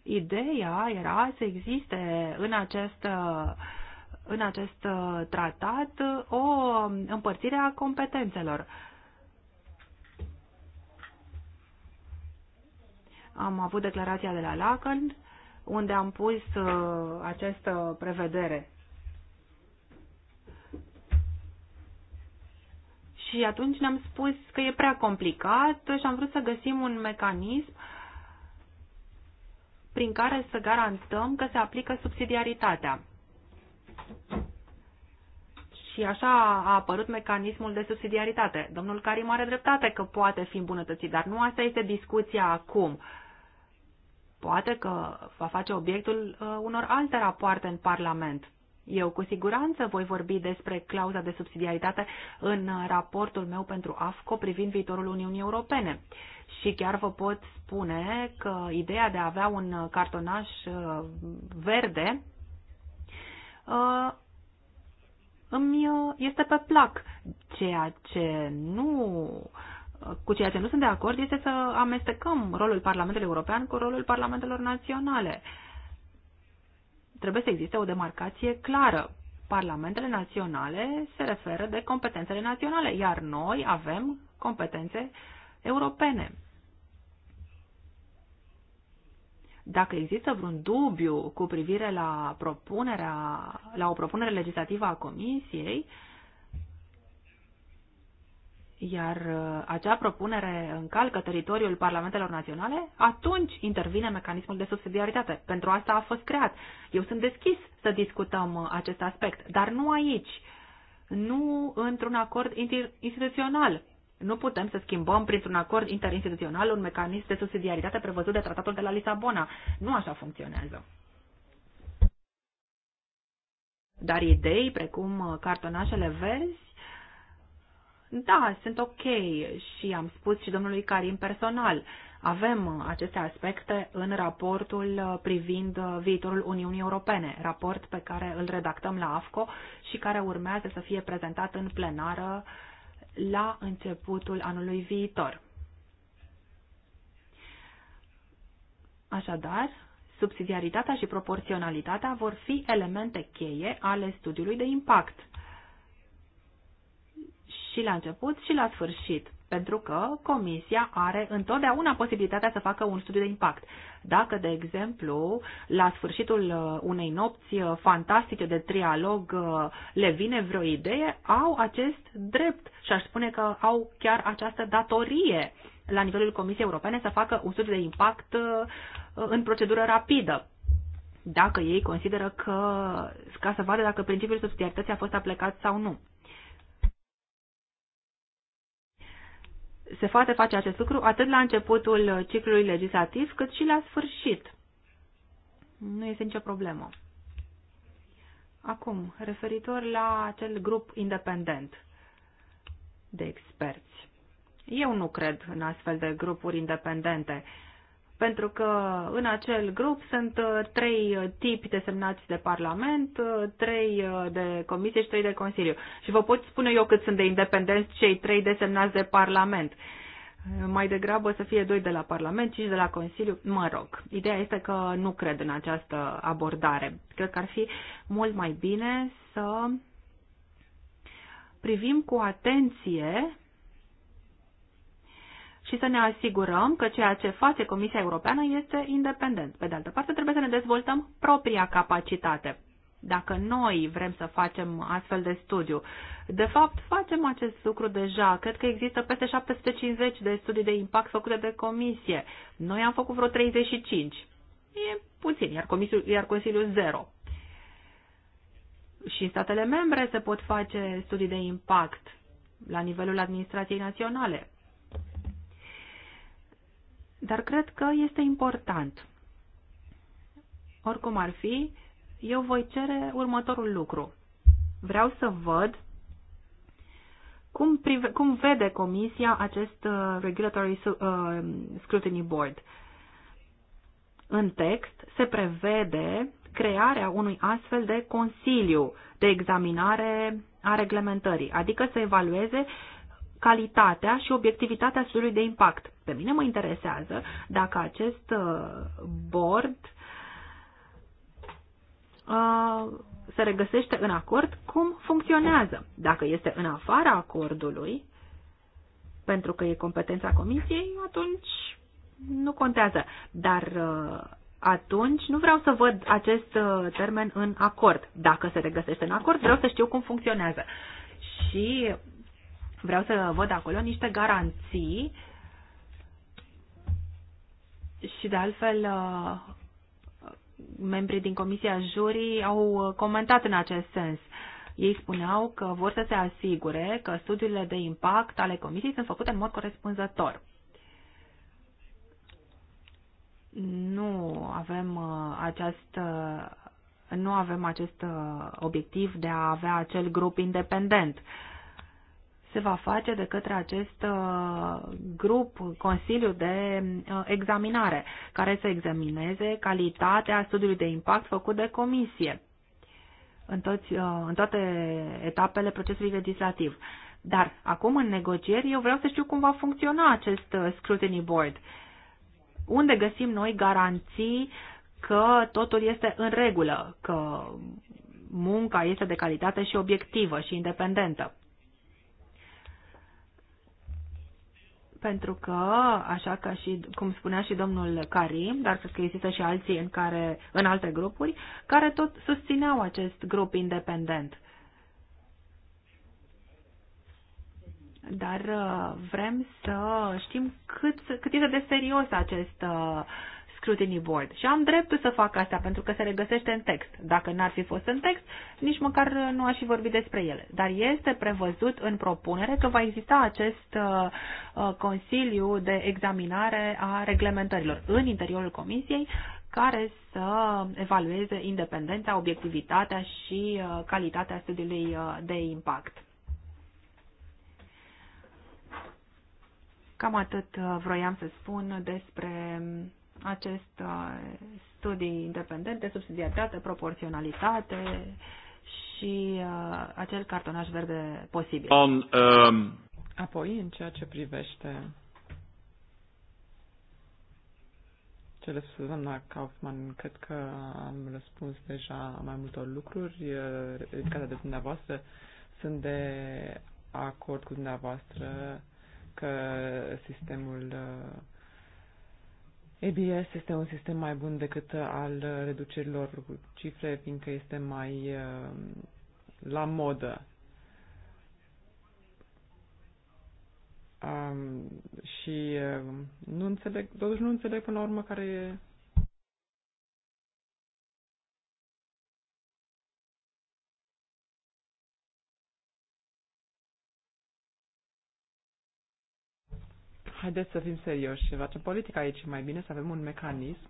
Ideea era să existe în acest, uh, în acest tratat o împărțire a competențelor. Am avut declarația de la Lacan, unde am pus uh, această prevedere. Și atunci ne-am spus că e prea complicat și am vrut să găsim un mecanism prin care să garantăm că se aplică subsidiaritatea. Și așa a apărut mecanismul de subsidiaritate. Domnul Karim are dreptate că poate fi îmbunătățit, dar nu asta este discuția acum. Uh, Poate că va face obiectul uh, unor alte rapoarte în Parlament. Eu cu siguranță voi vorbi despre clauza de subsidiaritate în uh, raportul meu pentru AFCO privind viitorul Uniunii Europene. Și chiar vă pot spune că ideea de a avea un uh, cartonaș verde îmi este pe plac, ceea ce nu cu ceea ce nu sunt de acord este să amestecăm rolul Parlamentului European cu rolul Parlamentelor Naționale. Trebuie să existe o demarcație clară. Parlamentele naționale se referă de competențele naționale, iar noi avem competențe europene. Dacă există vreun dubiu cu privire la, propunerea, la o propunere legislativă a Comisiei, uh, iar uh, acea propunere încalcă teritoriul parlamentelor naționale, atunci intervine mecanismul de subsidiaritate. Pentru asta a fost creat. Eu sunt deschis să discutăm uh, acest aspect, dar nu aici, nu într-un acord instituțional. Nu putem să schimbăm printr-un acord interinstituțional un mecanism de subsidiaritate prevăzut de tratatul de la Lisabona. Nu așa funcționează. Dar idei precum uh, cartonașele verzi da, sunt ok și am spus și domnului Karim personal. Avem uh, aceste aspecte în raportul uh, privind uh, viitorul Uniunii Europene, raport pe care îl redactăm la AFCO și care urmează să fie prezentat în plenară la începutul anului viitor. Așadar, subsidiaritatea și proporționalitatea vor fi elemente cheie ale studiului de impact și la început și la sfârșit, pentru că comisia are întotdeauna posibilitatea să facă un studiu de impact. Dacă, de exemplu, la sfârșitul uh, unei nopți uh, fantastice de trialog uh, le vine vreo idee, au acest drept și aș spune că au chiar această datorie la nivelul Comisiei Europene să facă un studiu de impact în procedură rapidă dacă ei consideră că, ca să vadă dacă principiul subsidiarității a fost aplicat sau nu. se poate face acest lucru atât la începutul ciclului legislativ, cât și la sfârșit. Nu este nicio problemă. Acum, referitor la acel grup independent de experți. Eu nu cred în astfel de grupuri independente. Uh, pentru că în acel grup sunt uh, trei uh, tipi desemnați de Parlament, uh, trei de Comisie și trei de Consiliu. Și vă pot spune eu cât sunt de independenți cei trei desemnați de Parlament. Mai degrabă să fie doi de la Parlament, cinci de la Consiliu, mă rog. Ideea este că nu cred în această abordare. Cred că ar fi mult mai bine să privim cu atenție și să ne asigurăm că ceea ce face Comisia Europeană este independent. Pe de altă parte, trebuie să ne dezvoltăm propria capacitate. Dacă noi vrem să facem astfel de studiu, de fapt facem acest lucru deja. Cred că există peste 750 de studii de impact făcute de comisie. Noi am făcut vreo 35. E puțin, iar, comisiul, iar Consiliul zero. Și în statele membre se pot face studii de impact la nivelul administrației naționale. Dar cred că este important. Oricum ar fi, eu voi cere următorul lucru. Vreau să văd cum, prive, cum vede Comisia acest uh, Regulatory uh, Scrutiny Board. În text se prevede crearea unui astfel de consiliu de examinare a reglementării, adică să evalueze calitatea și obiectivitatea studiului de impact. Pe mine mă interesează dacă acest uh, board uh, se regăsește în acord, cum funcționează. Dacă este în afara acordului, pentru că e competența comisiei, atunci nu contează. Dar uh, atunci nu vreau să văd acest termen în acord. Dacă se regăsește în acord, vreau să știu cum funcționează. Și vreau să văd acolo niște garanții uh, și de altfel, uh, membrii din Comisia Jurii au comentat în acest sens. Ei spuneau că vor să se asigure că studiile de impact ale Comisiei sunt făcute în mod corespunzător. Nu avem uh, acest, uh, nu avem acest obiectiv de a avea acel grup independent. Uh, se va face de către acest uh, grup, Consiliu de uh, Examinare, care să examineze calitatea studiului de impact făcut de comisie în, toți, uh, în toate etapele procesului legislativ. Dar acum, în negocieri, eu vreau să știu cum va funcționa acest scrutiny board. Unde găsim noi garanții că totul este în regulă, că munca este de calitate și obiectivă și independentă. pentru că, așa ca și, cum spunea și domnul Karim, dar cred că există și alții în, care, în alte grupuri, care tot susțineau acest grup independent. Dar uh, vrem să știm cât, cât este de serios acest uh, Scrutiny Board. Și am dreptul să fac asta, pentru că se regăsește în text. Dacă n-ar fi fost în text, nici măcar nu aș fi vorbit despre ele. Dar este prevăzut în propunere că va exista acest uh, uh Consiliu de Examinare a Reglementărilor în interiorul Comisiei, care să evalueze independența, obiectivitatea și uh, calitatea studiului uh, de impact. Cam atât uh, vroiam să spun despre acest uh, studii independente, subsidiaritate, proporționalitate și uh, acel cartonaș verde posibil. On, um... Apoi, în ceea ce privește cele spuse la Kaufman, cred că am răspuns deja mai multor lucruri ridicate uh, de dumneavoastră. Sunt de acord cu dumneavoastră că sistemul uh, EBS este un sistem mai bun decât al reducerilor cu cifre, fiindcă este mai uh, la modă. Um, și uh, nu înțeleg, totuși nu înțeleg până la urmă care e Haideți să fim serioși și facem politică aici. Mai bine să avem un mecanism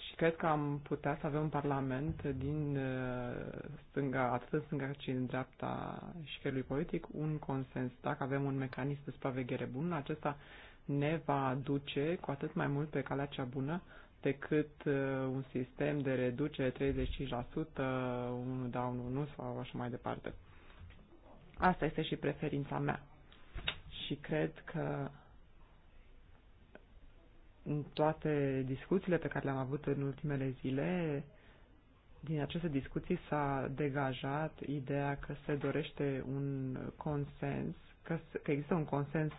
și cred că am putea să avem un parlament din uh, stânga, atât în stânga cât și în dreapta șcherului politic, un consens. Dacă avem un mecanism de supraveghere bun, acesta ne va aduce cu atât mai mult pe calea cea bună decât uh, un sistem de reducere 35%, unul da, unul nu sau așa mai departe. Asta este și preferința mea și cred că în toate discuțiile pe care le-am avut în ultimele zile, din aceste discuții s-a degajat ideea că se dorește un consens, că, că există un consens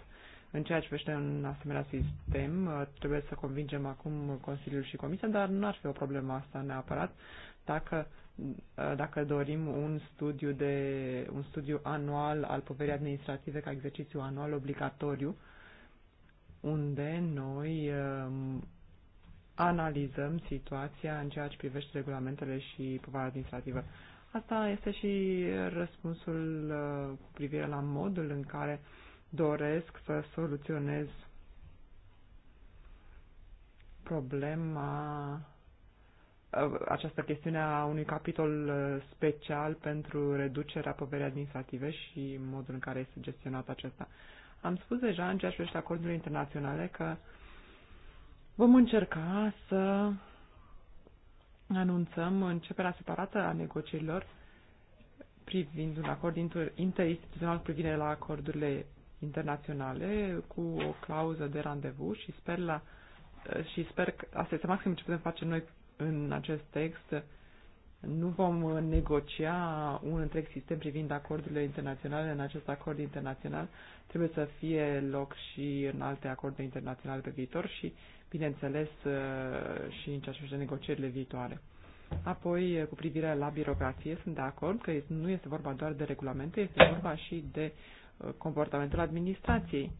în ceea ce privește un asemenea sistem. Trebuie să convingem acum Consiliul și Comisia, dar nu ar fi o problemă asta neapărat dacă dacă dorim un studiu, de, un studiu anual al poverii administrative ca exercițiu anual obligatoriu, unde noi um, analizăm situația în ceea ce privește regulamentele și povara administrativă. Asta este și răspunsul uh, cu privire la modul în care doresc să soluționez problema această chestiune a unui capitol uh, special pentru reducerea poverii administrative și modul în care este gestionat acesta. Am spus deja în ceea ce privește acordurile internaționale că vom încerca să anunțăm începerea separată a negocierilor privind un acord interinstituțional cu privire la acordurile internaționale cu o clauză de randevu și sper la uh, și sper că asta este maxim ce putem face noi în acest text nu vom negocia un întreg sistem privind acordurile internaționale. În acest acord internațional trebuie să fie loc și în alte acorduri internaționale pe viitor și, bineînțeles, și în ceea ce privește negocierile viitoare. Apoi, cu privire la birocrație, sunt de acord că nu este vorba doar de regulamente, este vorba și de uh, comportamentul administrației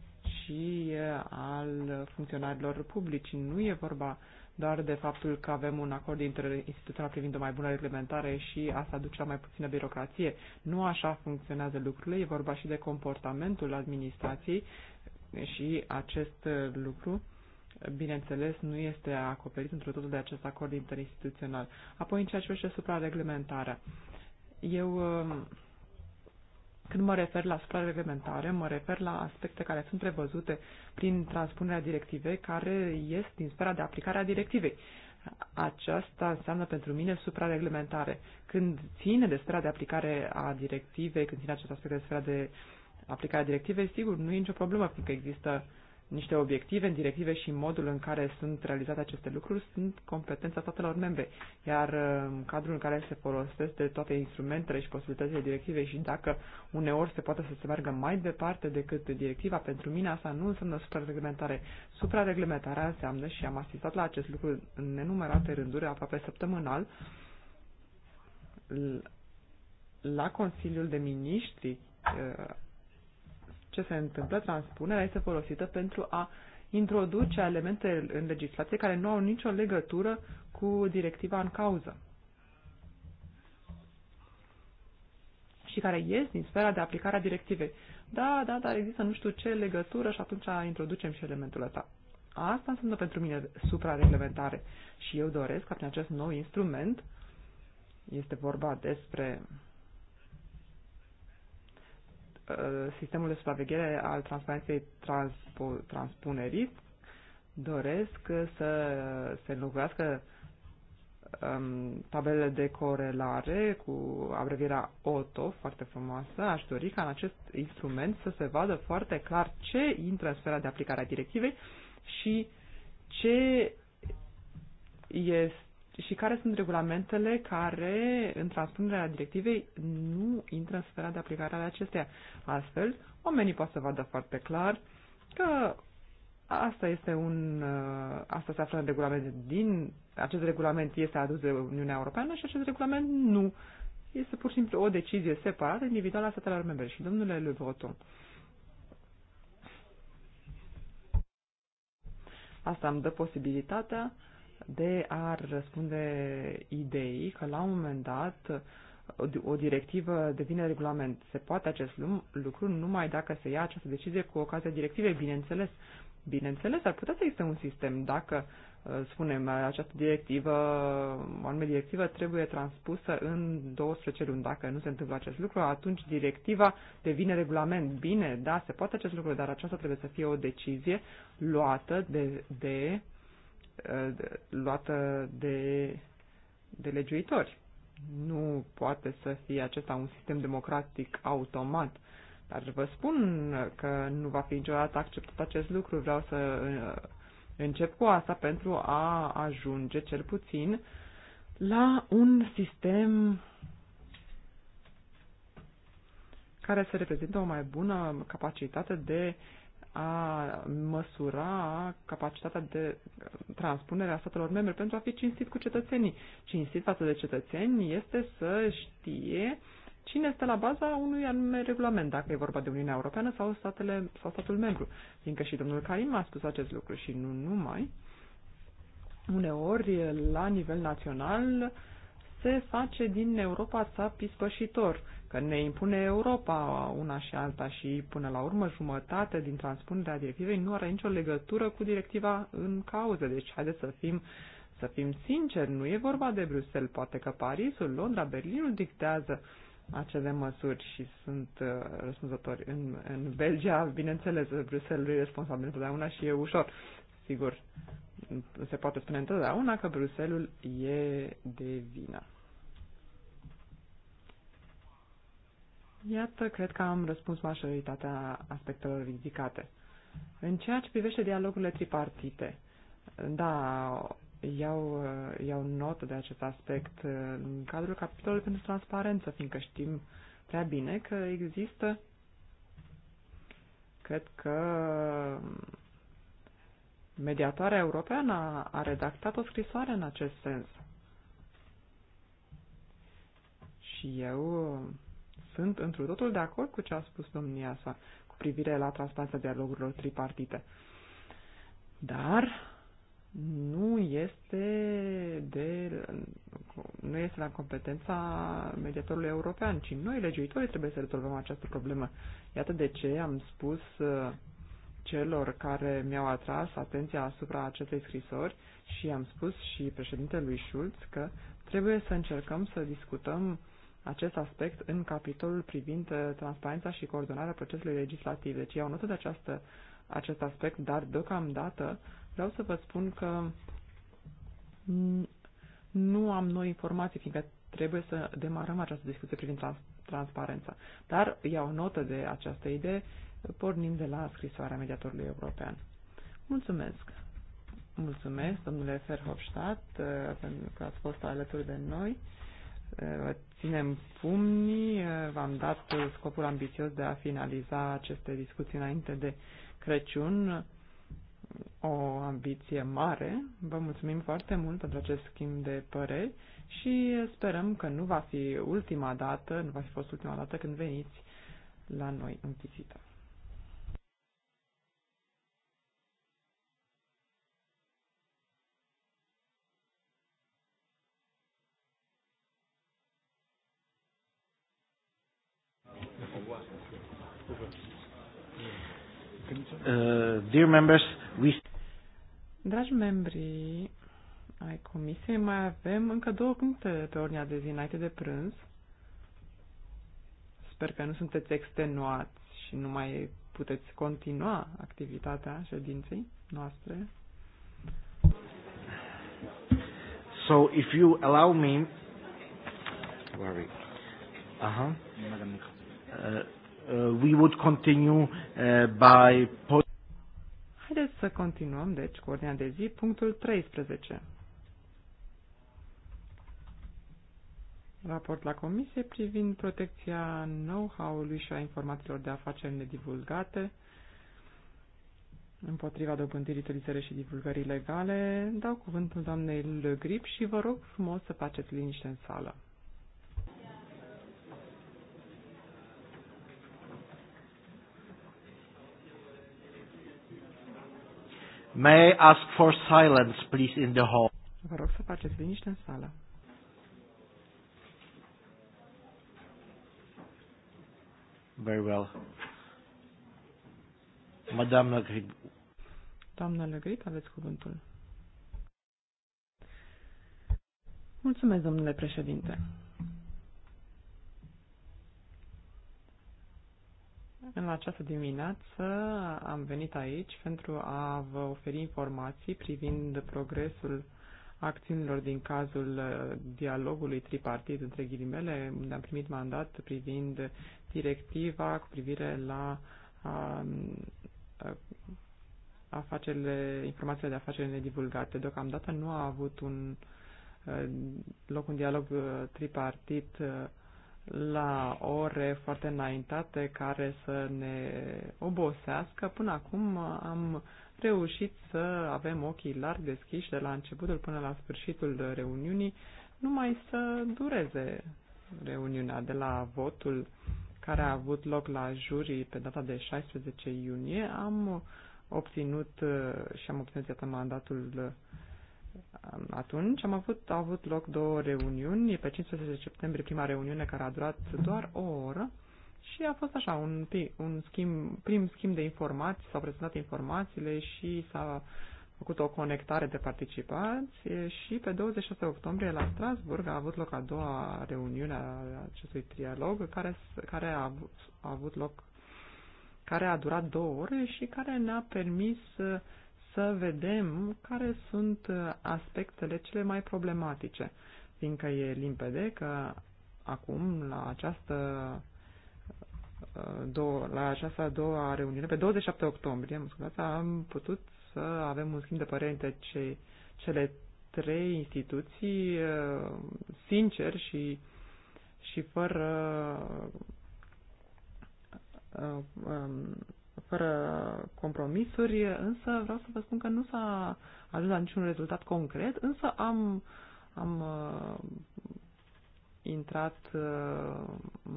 și uh, al funcționarilor publici. Nu e vorba dar de faptul că avem un acord interinstituțional privind o mai bună reglementare și asta duce la mai puțină birocrație. Nu așa funcționează lucrurile, e vorba și de comportamentul administrației și acest lucru bineînțeles, nu este acoperit într totul de acest acord interinstituțional. Apoi, în ceea ce privește supra-reglementarea, eu când mă refer la suprareglementare, mă refer la aspecte care sunt prevăzute prin transpunerea directivei, care ies din sfera de aplicare a directivei. Aceasta înseamnă pentru mine suprareglementare. Când ține de sfera de aplicare a directivei, când ține acest aspect de sfera de aplicare a directivei, sigur, nu e nicio problemă, fiindcă există uh, niște obiective în directive și modul în care sunt realizate aceste lucruri sunt competența statelor membre, iar uh, în cadrul în care se folosesc de toate instrumentele și posibilitățile directivei și dacă uneori se poate să se meargă mai departe decât directiva, pentru mine asta nu înseamnă suprareglementare. Suprareglementarea înseamnă și am asistat la acest lucru în nenumărate rânduri, aproape săptămânal, la Consiliul de Ministri uh, ce se întâmplă, transpunerea este folosită pentru a introduce elemente în legislație care nu au nicio legătură cu directiva în cauză și care ies din sfera de aplicare a directivei. Da, da, dar există nu știu ce legătură și atunci introducem și elementul ăsta. Asta înseamnă pentru mine suprareglementare și eu doresc ca prin acest nou instrument, este vorba despre Uh, sistemul de supraveghere al transparenței transpunerii doresc să se înlocuiască um, tabelele de corelare cu abrevierea OTO, foarte frumoasă, aș dori ca în acest instrument să se vadă foarte clar ce intră în sfera de aplicare a directivei și ce este și care sunt regulamentele care, în transpunerea directivei, nu intră în sfera de aplicare ale acesteia. Astfel, oamenii pot să vadă foarte clar că asta este un, uh, asta se află în regulament din, acest regulament este adus de Uniunea Europeană și acest regulament nu. Este pur și simplu o decizie separată, individuală a statelor membre. Și domnule Le Breton, asta îmi dă posibilitatea de a răspunde ideii că la un moment dat o directivă devine regulament. Se poate acest lucru numai dacă se ia această decizie cu ocazia directivei, bineînțeles. Bineînțeles, ar putea să existe un sistem dacă uh, spunem, această directivă, o anume directivă trebuie transpusă în 12 luni. Dacă nu se întâmplă acest lucru, atunci directiva devine regulament. Bine, da, se poate acest lucru, dar aceasta trebuie să fie o decizie luată de, de Uh, luată de, de legiuitori. Nu poate să fie acesta un sistem democratic automat. Dar vă spun că nu va fi niciodată acceptat acest lucru. Vreau să uh, încep cu asta pentru a ajunge cel puțin la un sistem care să reprezintă o mai bună capacitate de a măsura capacitatea de transpunere a statelor membre pentru a fi cinstit cu cetățenii. Cinstit față de cetățeni este să știe cine stă la baza unui anume regulament, dacă e vorba de Uniunea Europeană sau, statele, sau statul membru. Fiindcă și domnul Karim a spus acest lucru și nu numai, uneori la nivel național se face din Europa țap ispășitor că ne impune Europa una și alta și până la urmă jumătate din transpunerea directivei nu are nicio legătură cu directiva în cauză. Deci haideți să fim să fim sinceri, nu e vorba de Bruxelles, poate că Parisul, Londra, Berlinul dictează acele măsuri și sunt uh, răspunzători. În, în Belgia, bineînțeles, Bruxelles e responsabil întotdeauna și e ușor. Sigur, se poate spune întotdeauna că Bruxelles e de vină. Iată, cred că am răspuns majoritatea aspectelor ridicate. În ceea ce privește dialogurile tripartite, da, iau, iau notă de acest aspect în cadrul capitolului pentru transparență, fiindcă știm prea bine că există, cred că mediatoarea europeană a, a redactat o scrisoare în acest sens. Și eu sunt într totul de acord cu ce a spus domnia sa cu privire la transparența dialogurilor tripartite. Dar nu este, de, nu este la competența mediatorului european, ci noi, legiuitorii, trebuie să rezolvăm această problemă. Iată de ce am spus uh, celor care mi-au atras atenția asupra acestei scrisori și am spus și președintelui Schulz că trebuie să încercăm să discutăm acest aspect în capitolul privind uh, transparența și coordonarea procesului legislativ. Deci iau notă de această, acest aspect, dar deocamdată vreau să vă spun că nu am noi informații, fiindcă trebuie să demarăm această discuție privind trans transparența. Dar iau notă de această idee, pornind de la scrisoarea mediatorului european. Mulțumesc! Mulțumesc, domnule Ferhofstadt, uh, pentru că ați fost alături de noi. Uh, ținem pumnii. Eh, v-am dat scopul ambițios de a finaliza aceste discuții înainte de Crăciun. O ambiție mare. Vă mulțumim foarte mult pentru acest schimb de păreri și sperăm că nu va fi ultima dată, nu va fi fost ultima dată când veniți la noi în vizită. Uh, dear members, we... Dragi membri ai comisiei, mai avem încă două puncte pe ordinea de zi înainte de prânz. Sper că nu sunteți extenuați și nu mai puteți continua activitatea ședinței noastre. So, if you allow me, uh-huh. Uh, Uh, we would continue uh, by... Haideți să continuăm, deci, cu ordinea de zi, punctul 13. Raport la comisie privind protecția know-how-ului și a informațiilor de afaceri nedivulgate împotriva dobândirii, utilizării și divulgării legale. Dau cuvântul doamnei Le Grip și vă rog frumos să faceți liniște în sală. May I ask for silence, please, in the hall? Vă rog să faceți liniște în sală. Very well. Madame Le Grip. Doamna Le Grip, aveți cuvântul. Mulțumesc, domnule președinte. În această dimineață am venit aici pentru a vă oferi informații privind progresul acțiunilor din cazul uh, dialogului tripartit între ghilimele, unde am primit mandat privind directiva cu privire la a, um, a, uh, afacerile, informațiile de afaceri nedivulgate. Deocamdată nu a avut un uh, loc un dialog tripartit la ore foarte înaintate care să ne obosească. Până acum uh, am reușit să avem ochii larg deschiși de la începutul până la sfârșitul reuniunii, numai să dureze reuniunea de la votul care a avut loc la jurii pe data de 16 iunie. Am obținut uh, și am obținut iată mandatul atunci am avut, au avut loc două reuniuni, pe 15 septembrie prima reuniune care a durat doar o oră și a fost așa, un, un schimb, prim schimb de informații, s-au prezentat informațiile și s-a făcut o conectare de participanți și pe 26 octombrie la Strasburg a avut loc a doua reuniune a acestui trialog care, care a, avut, a avut loc care a durat două ore și care ne-a permis să vedem care sunt aspectele cele mai problematice, fiindcă e limpede că acum, la această, uh, două, la această a doua reuniune, pe 27 octombrie, scuzați, am putut să avem un schimb de părere între ce cele trei instituții uh, sincer și, și fără uh, um, fără compromisuri, însă vreau să vă spun că nu s-a ajuns la niciun rezultat concret, însă am, am uh, intrat uh,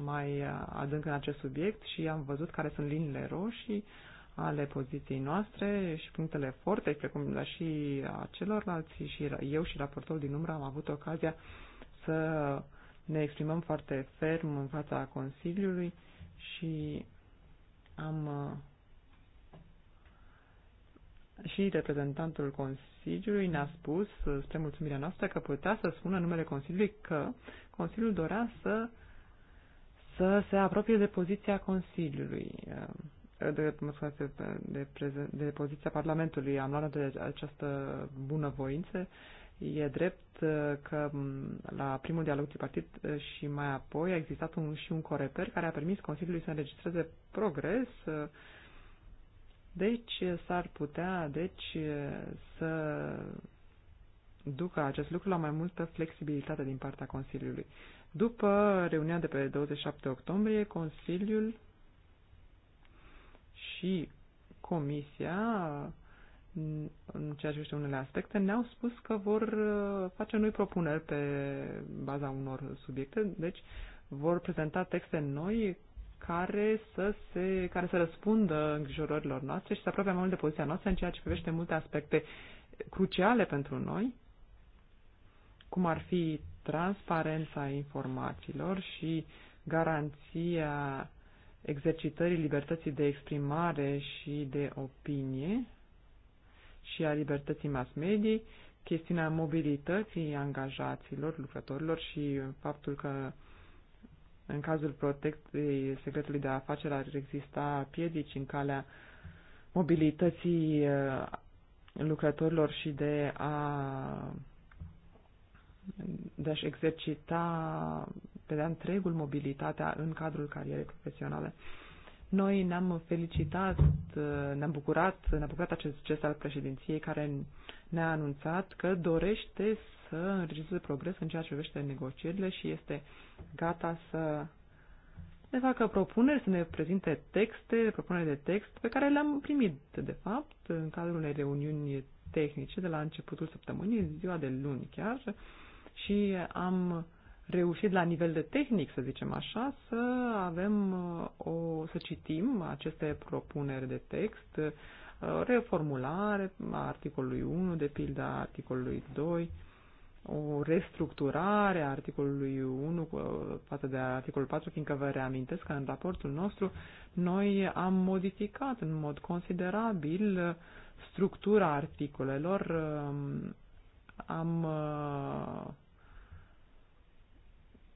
mai adânc în acest subiect și am văzut care sunt liniile roșii ale poziției noastre și punctele forte, precum la și a celorlalți și eu și raportorul din umbră am avut ocazia să ne exprimăm foarte ferm în fața Consiliului și am uh, și reprezentantul Consiliului ne-a spus, spre mulțumirea noastră, că putea să spună numele Consiliului că Consiliul dorea să, să se apropie de poziția Consiliului, eh, de, scuze, de, de, de poziția Parlamentului. Am luat de această bunăvoință. E drept eh, că mm, la primul dialog tripartit eh, și mai apoi a existat un, și un coreper care a permis Consiliului să înregistreze progres deci s-ar putea, deci, să ducă acest lucru la mai multă flexibilitate din partea Consiliului. După reuniunea de pe 27 octombrie, Consiliul și Comisia, în ceea ce este unele aspecte, ne-au spus că vor uh, face noi propuneri pe baza unor subiecte, deci vor prezenta texte noi care să, se, care să răspundă îngrijorărilor noastre și să apropie mai mult de poziția noastră în ceea ce privește multe aspecte cruciale pentru noi, cum ar fi transparența informațiilor și garanția exercitării libertății de exprimare și de opinie și a libertății mass mediei, chestiunea mobilității angajaților, lucrătorilor și faptul că în cazul protecției secretului de afaceri ar exista piedici în calea mobilității uh, lucrătorilor și de a de a-și exercita pe de da întregul mobilitatea în cadrul carierei profesionale. Noi ne-am felicitat, uh, ne-am bucurat, ne am bucurat acest gest al președinției care ne-a anunțat că dorește să înregistreze progres în ceea ce privește negocierile și este gata să ne facă propuneri, să ne prezinte texte, propuneri de text pe care le-am primit, de fapt, în cadrul unei reuniuni tehnice de la începutul săptămânii, ziua de luni chiar, și am reușit la nivel de tehnic, să zicem așa, să avem uh, o, să citim aceste propuneri de text, Uh, reformulare a articolului 1, de pildă a articolului 2, o restructurare a articolului 1 uh, față de articolul 4, fiindcă vă reamintesc că în raportul nostru noi am modificat în mod considerabil structura articolelor, uh, am,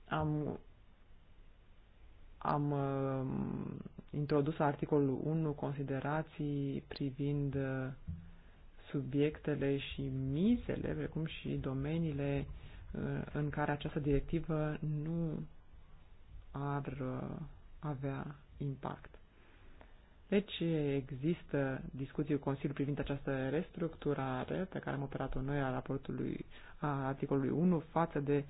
am, am introdus articolul 1 considerații privind uh, subiectele și mizele, precum și domeniile uh, în care această directivă nu ar uh, avea impact. Deci există discuții cu Consiliul privind această restructurare pe care am operat-o noi a raportului a articolului 1 față de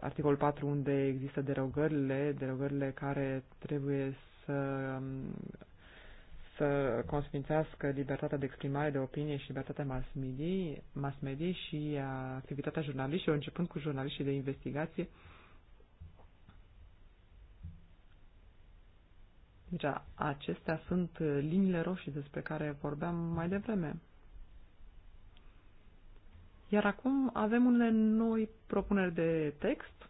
articolul 4 unde există derogările, derogările care trebuie să, să consfințească libertatea de exprimare, de opinie și libertatea mass media, mass media și activitatea jurnaliștilor, începând cu jurnaliștii de investigație. Deci acestea sunt liniile roșii despre care vorbeam mai devreme. Iar acum avem unele noi propuneri de text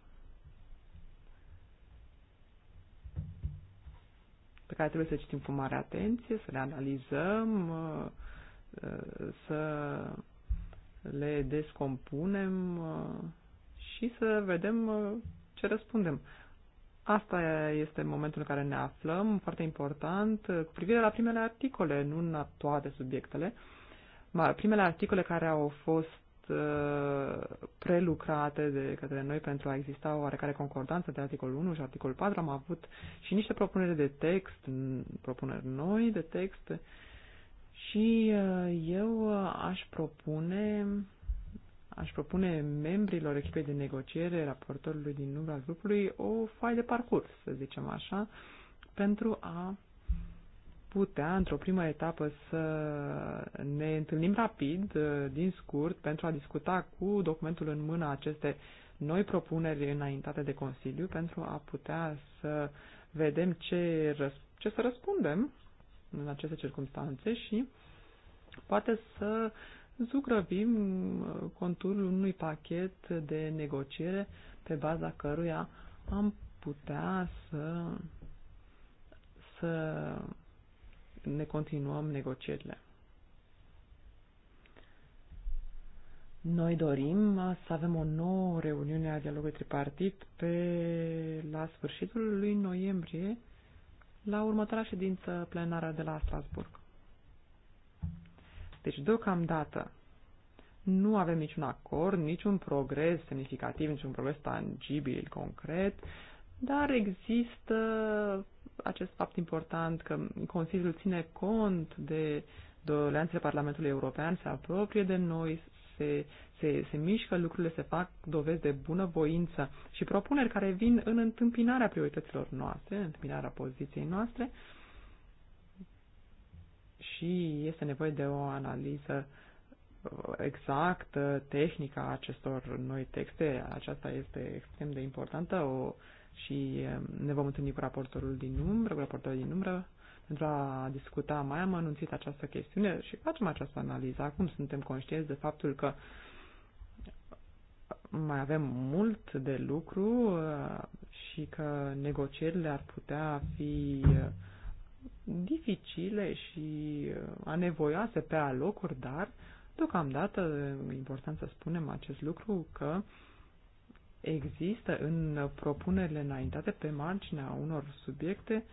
pe care trebuie să le citim cu mare atenție, să le analizăm, uh, să le descompunem uh, și să vedem uh, ce răspundem. Asta este momentul în care ne aflăm, foarte important, cu privire la primele articole, nu la toate subiectele. Primele articole care au fost Uh, prelucrate de către noi pentru a exista o oarecare concordanță de articolul 1 și articolul 4. Am avut și niște propuneri de text, propuneri noi de text și uh, eu uh, aș propune aș propune membrilor echipei de negociere, raportorului din numărul grupului, o foaie de parcurs, să zicem așa, pentru a putea, într-o primă etapă, să ne întâlnim rapid, uh, din scurt, pentru a discuta cu documentul în mână aceste noi propuneri înaintate de Consiliu, pentru a putea să vedem ce, ce să răspundem în aceste circunstanțe și poate să zugrăvim uh, conturul unui pachet de negociere pe baza căruia am putea să, să ne continuăm negocierile. Noi dorim să avem o nouă reuniune a dialogului tripartit pe la sfârșitul lui noiembrie, la următoarea ședință plenară de la Strasburg. Deci, deocamdată, nu avem niciun acord, niciun progres semnificativ, niciun progres tangibil, concret, dar există acest fapt important că Consiliul ține cont de doleanțele Parlamentului European, se apropie de noi, se, se, se mișcă lucrurile, se fac dovezi de bunăvoință și propuneri care vin în întâmpinarea priorităților noastre, în întâmpinarea poziției noastre și este nevoie de o analiză uh, exactă, tehnică a acestor noi texte. Aceasta este extrem de importantă, o și um, ne vom întâlni cu raportorul din umbră, cu raportorul din umbră, pentru a discuta mai amănunțit această chestiune și facem această analiză. Acum suntem conștienți de faptul că mai avem mult de lucru uh, și că negocierile ar putea fi uh, dificile și uh, anevoioase pe alocuri, dar deocamdată, important să spunem acest lucru, că uh, există în propunerile înaintate pe marginea unor subiecte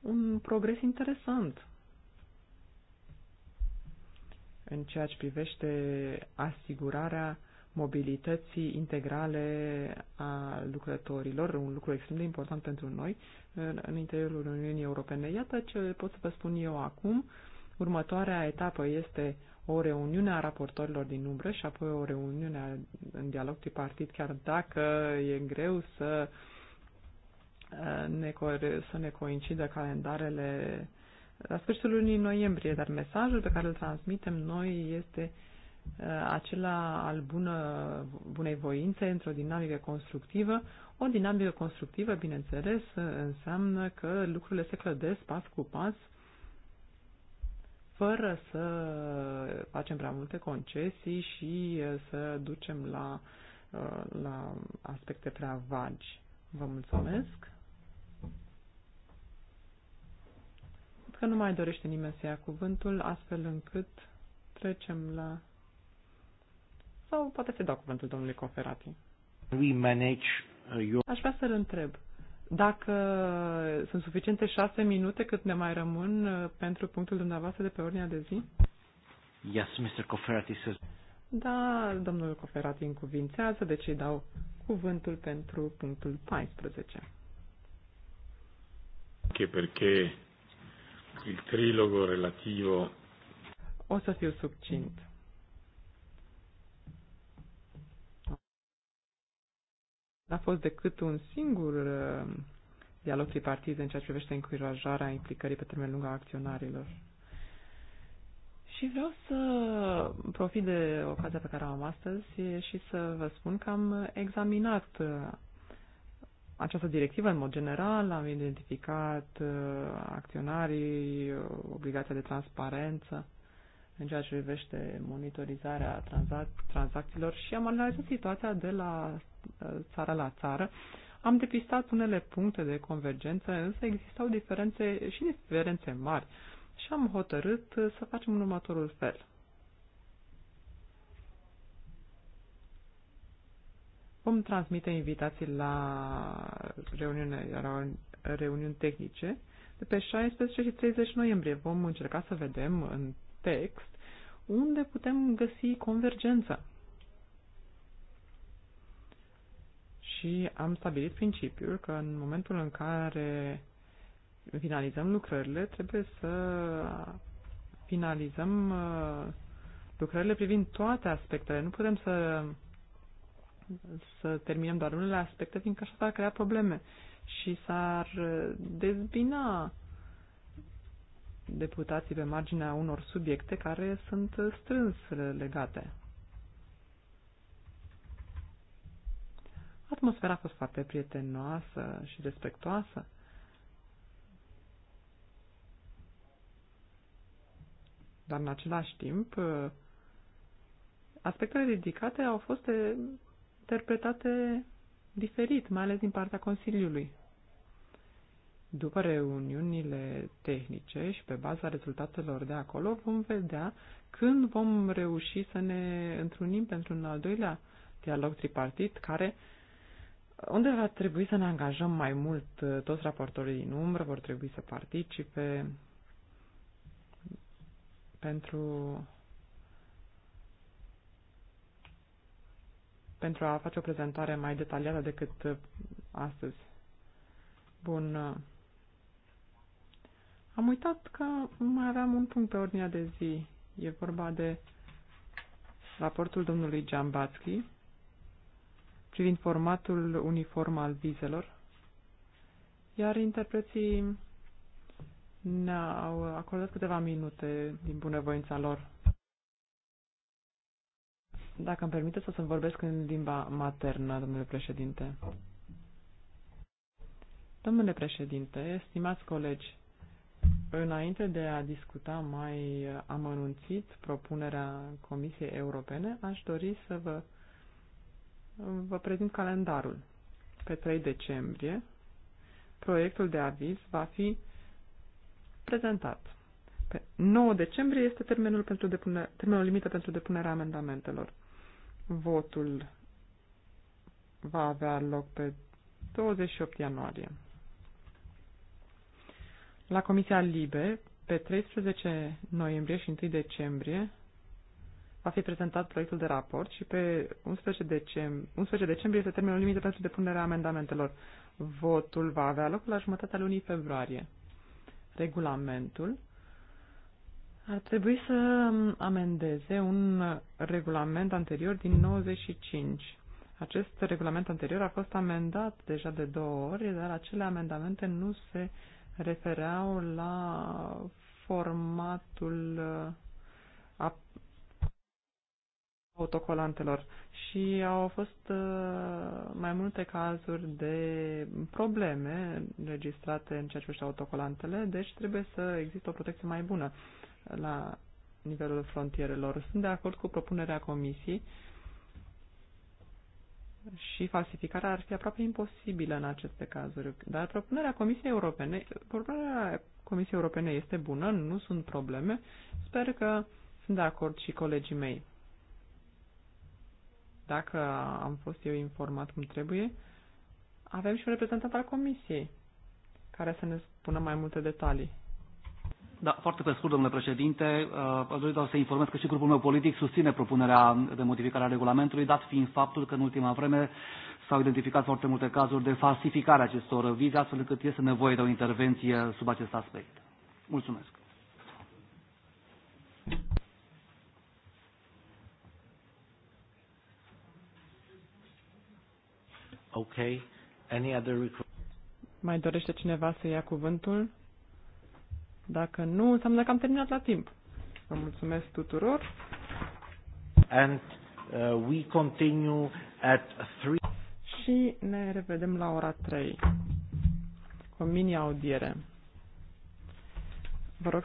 un progres interesant în ceea ce privește asigurarea mobilității integrale a lucrătorilor, un lucru extrem de important pentru noi în, în interiorul Uniunii Europene. Iată ce pot să vă spun eu acum. Următoarea etapă este o reuniune a raportorilor din umbră și apoi o reuniune în dialog tripartit, chiar dacă e greu să uh, ne, să ne coincidă calendarele la sfârșitul lunii noiembrie, dar mesajul pe care îl transmitem noi este uh, acela al bună, bunei voințe într-o dinamică constructivă. O dinamică constructivă, bineînțeles, înseamnă că lucrurile se clădesc pas cu pas fără să facem prea multe concesii și să ducem la, la aspecte prea vagi. Vă mulțumesc! că nu mai dorește nimeni să ia cuvântul, astfel încât trecem la... Sau poate să dau cuvântul domnului Coferati. Uh, your... Aș vrea să-l întreb. Dacă sunt suficiente șase minute cât ne mai rămân uh, pentru punctul dumneavoastră de pe ordinea de zi? Yes, Mr. Coferati says. Da, domnul Coferati încuvințează, deci îi dau cuvântul pentru punctul 14. Che perché il trilogo relativo o să fiu subcint. N-a fost decât un singur uh, dialog tripartit în ceea ce privește încurajarea implicării pe termen lung a acționarilor. Și vreau să profit de ocazia pe care o am astăzi și să vă spun că am examinat uh, această directivă în mod general, am identificat uh, acționarii, obligația de transparență în ceea ce privește monitorizarea tranzac- tranzacțiilor și am analizat situația de la ă, țară la țară. Am depistat unele puncte de convergență, însă existau diferențe și diferențe mari și am hotărât să facem în următorul fel. Vom transmite invitații la reuniune, la reuniuni tehnice de pe 16 și 30 noiembrie. Vom încerca să vedem în text unde putem găsi convergența. Și am stabilit principiul că în momentul în care finalizăm lucrările, trebuie să finalizăm uh, lucrările privind toate aspectele. Nu putem să, să terminăm doar unele aspecte, fiindcă așa s-ar crea probleme și s-ar uh, dezbina deputații pe marginea unor subiecte care sunt strâns legate. Atmosfera a fost foarte prietenoasă și respectoasă. Dar în același timp, aspectele ridicate au fost interpretate diferit, mai ales din partea Consiliului. După reuniunile tehnice și pe baza rezultatelor de acolo vom vedea când vom reuși să ne întrunim pentru un al doilea dialog tripartit care unde va trebui să ne angajăm mai mult uh, toți raportorii din umbră, vor trebui să participe pentru pentru a face o prezentare mai detaliată decât uh, astăzi. Bun. Uh, am uitat că mai aveam un punct pe ordinea de zi. E vorba de raportul domnului Giambatski privind formatul uniform al vizelor, iar interpreții ne-au acordat câteva minute din bunăvoința lor. Dacă îmi permite o să-mi vorbesc în limba maternă, domnule președinte. Domnule președinte, estimați colegi, Înainte de a discuta mai amănunțit propunerea Comisiei Europene, aș dori să vă, vă prezint calendarul. Pe 3 decembrie, proiectul de aviz va fi prezentat. Pe 9 decembrie este termenul, pentru depune, termenul limită pentru depunerea amendamentelor. Votul va avea loc pe 28 ianuarie. La Comisia Libe, pe 13 noiembrie și 1 decembrie, va fi prezentat proiectul de raport și pe 11 decembrie, 11 decembrie este termenul limită pentru depunerea amendamentelor. Votul va avea loc la jumătatea lunii februarie. Regulamentul ar trebui să amendeze un regulament anterior din 95. Acest regulament anterior a fost amendat deja de două ori, dar acele amendamente nu se uh, refereau la formatul uh, a autocolantelor și au fost uh, mai multe cazuri de probleme registrate în ceea ce privește autocolantele, deci trebuie să există o protecție mai bună la nivelul frontierelor. Sunt de acord cu propunerea comisiei și falsificarea ar fi aproape imposibilă în aceste cazuri. Dar propunerea Comisiei Europene, propunerea Comisiei Europene este bună, nu sunt probleme. Sper că sunt de acord și colegii mei. Dacă am fost eu informat cum trebuie, avem și un reprezentant al Comisiei care să ne spună mai multe detalii. Da, foarte pe scurt, domnule președinte. Uh, aș dori doar să informez că și grupul meu politic susține propunerea de modificare a regulamentului, dat fiind faptul că în ultima vreme s-au identificat foarte multe cazuri de falsificare a acestor vize, astfel încât este nevoie de o intervenție sub acest aspect. Mulțumesc. Okay. Any other Mai dorește cineva să ia cuvântul? Dacă nu, înseamnă că am terminat la timp. Vă mulțumesc tuturor. And uh, we continue at 3. Și ne revedem la ora 3 cu mini audiere. Vă rog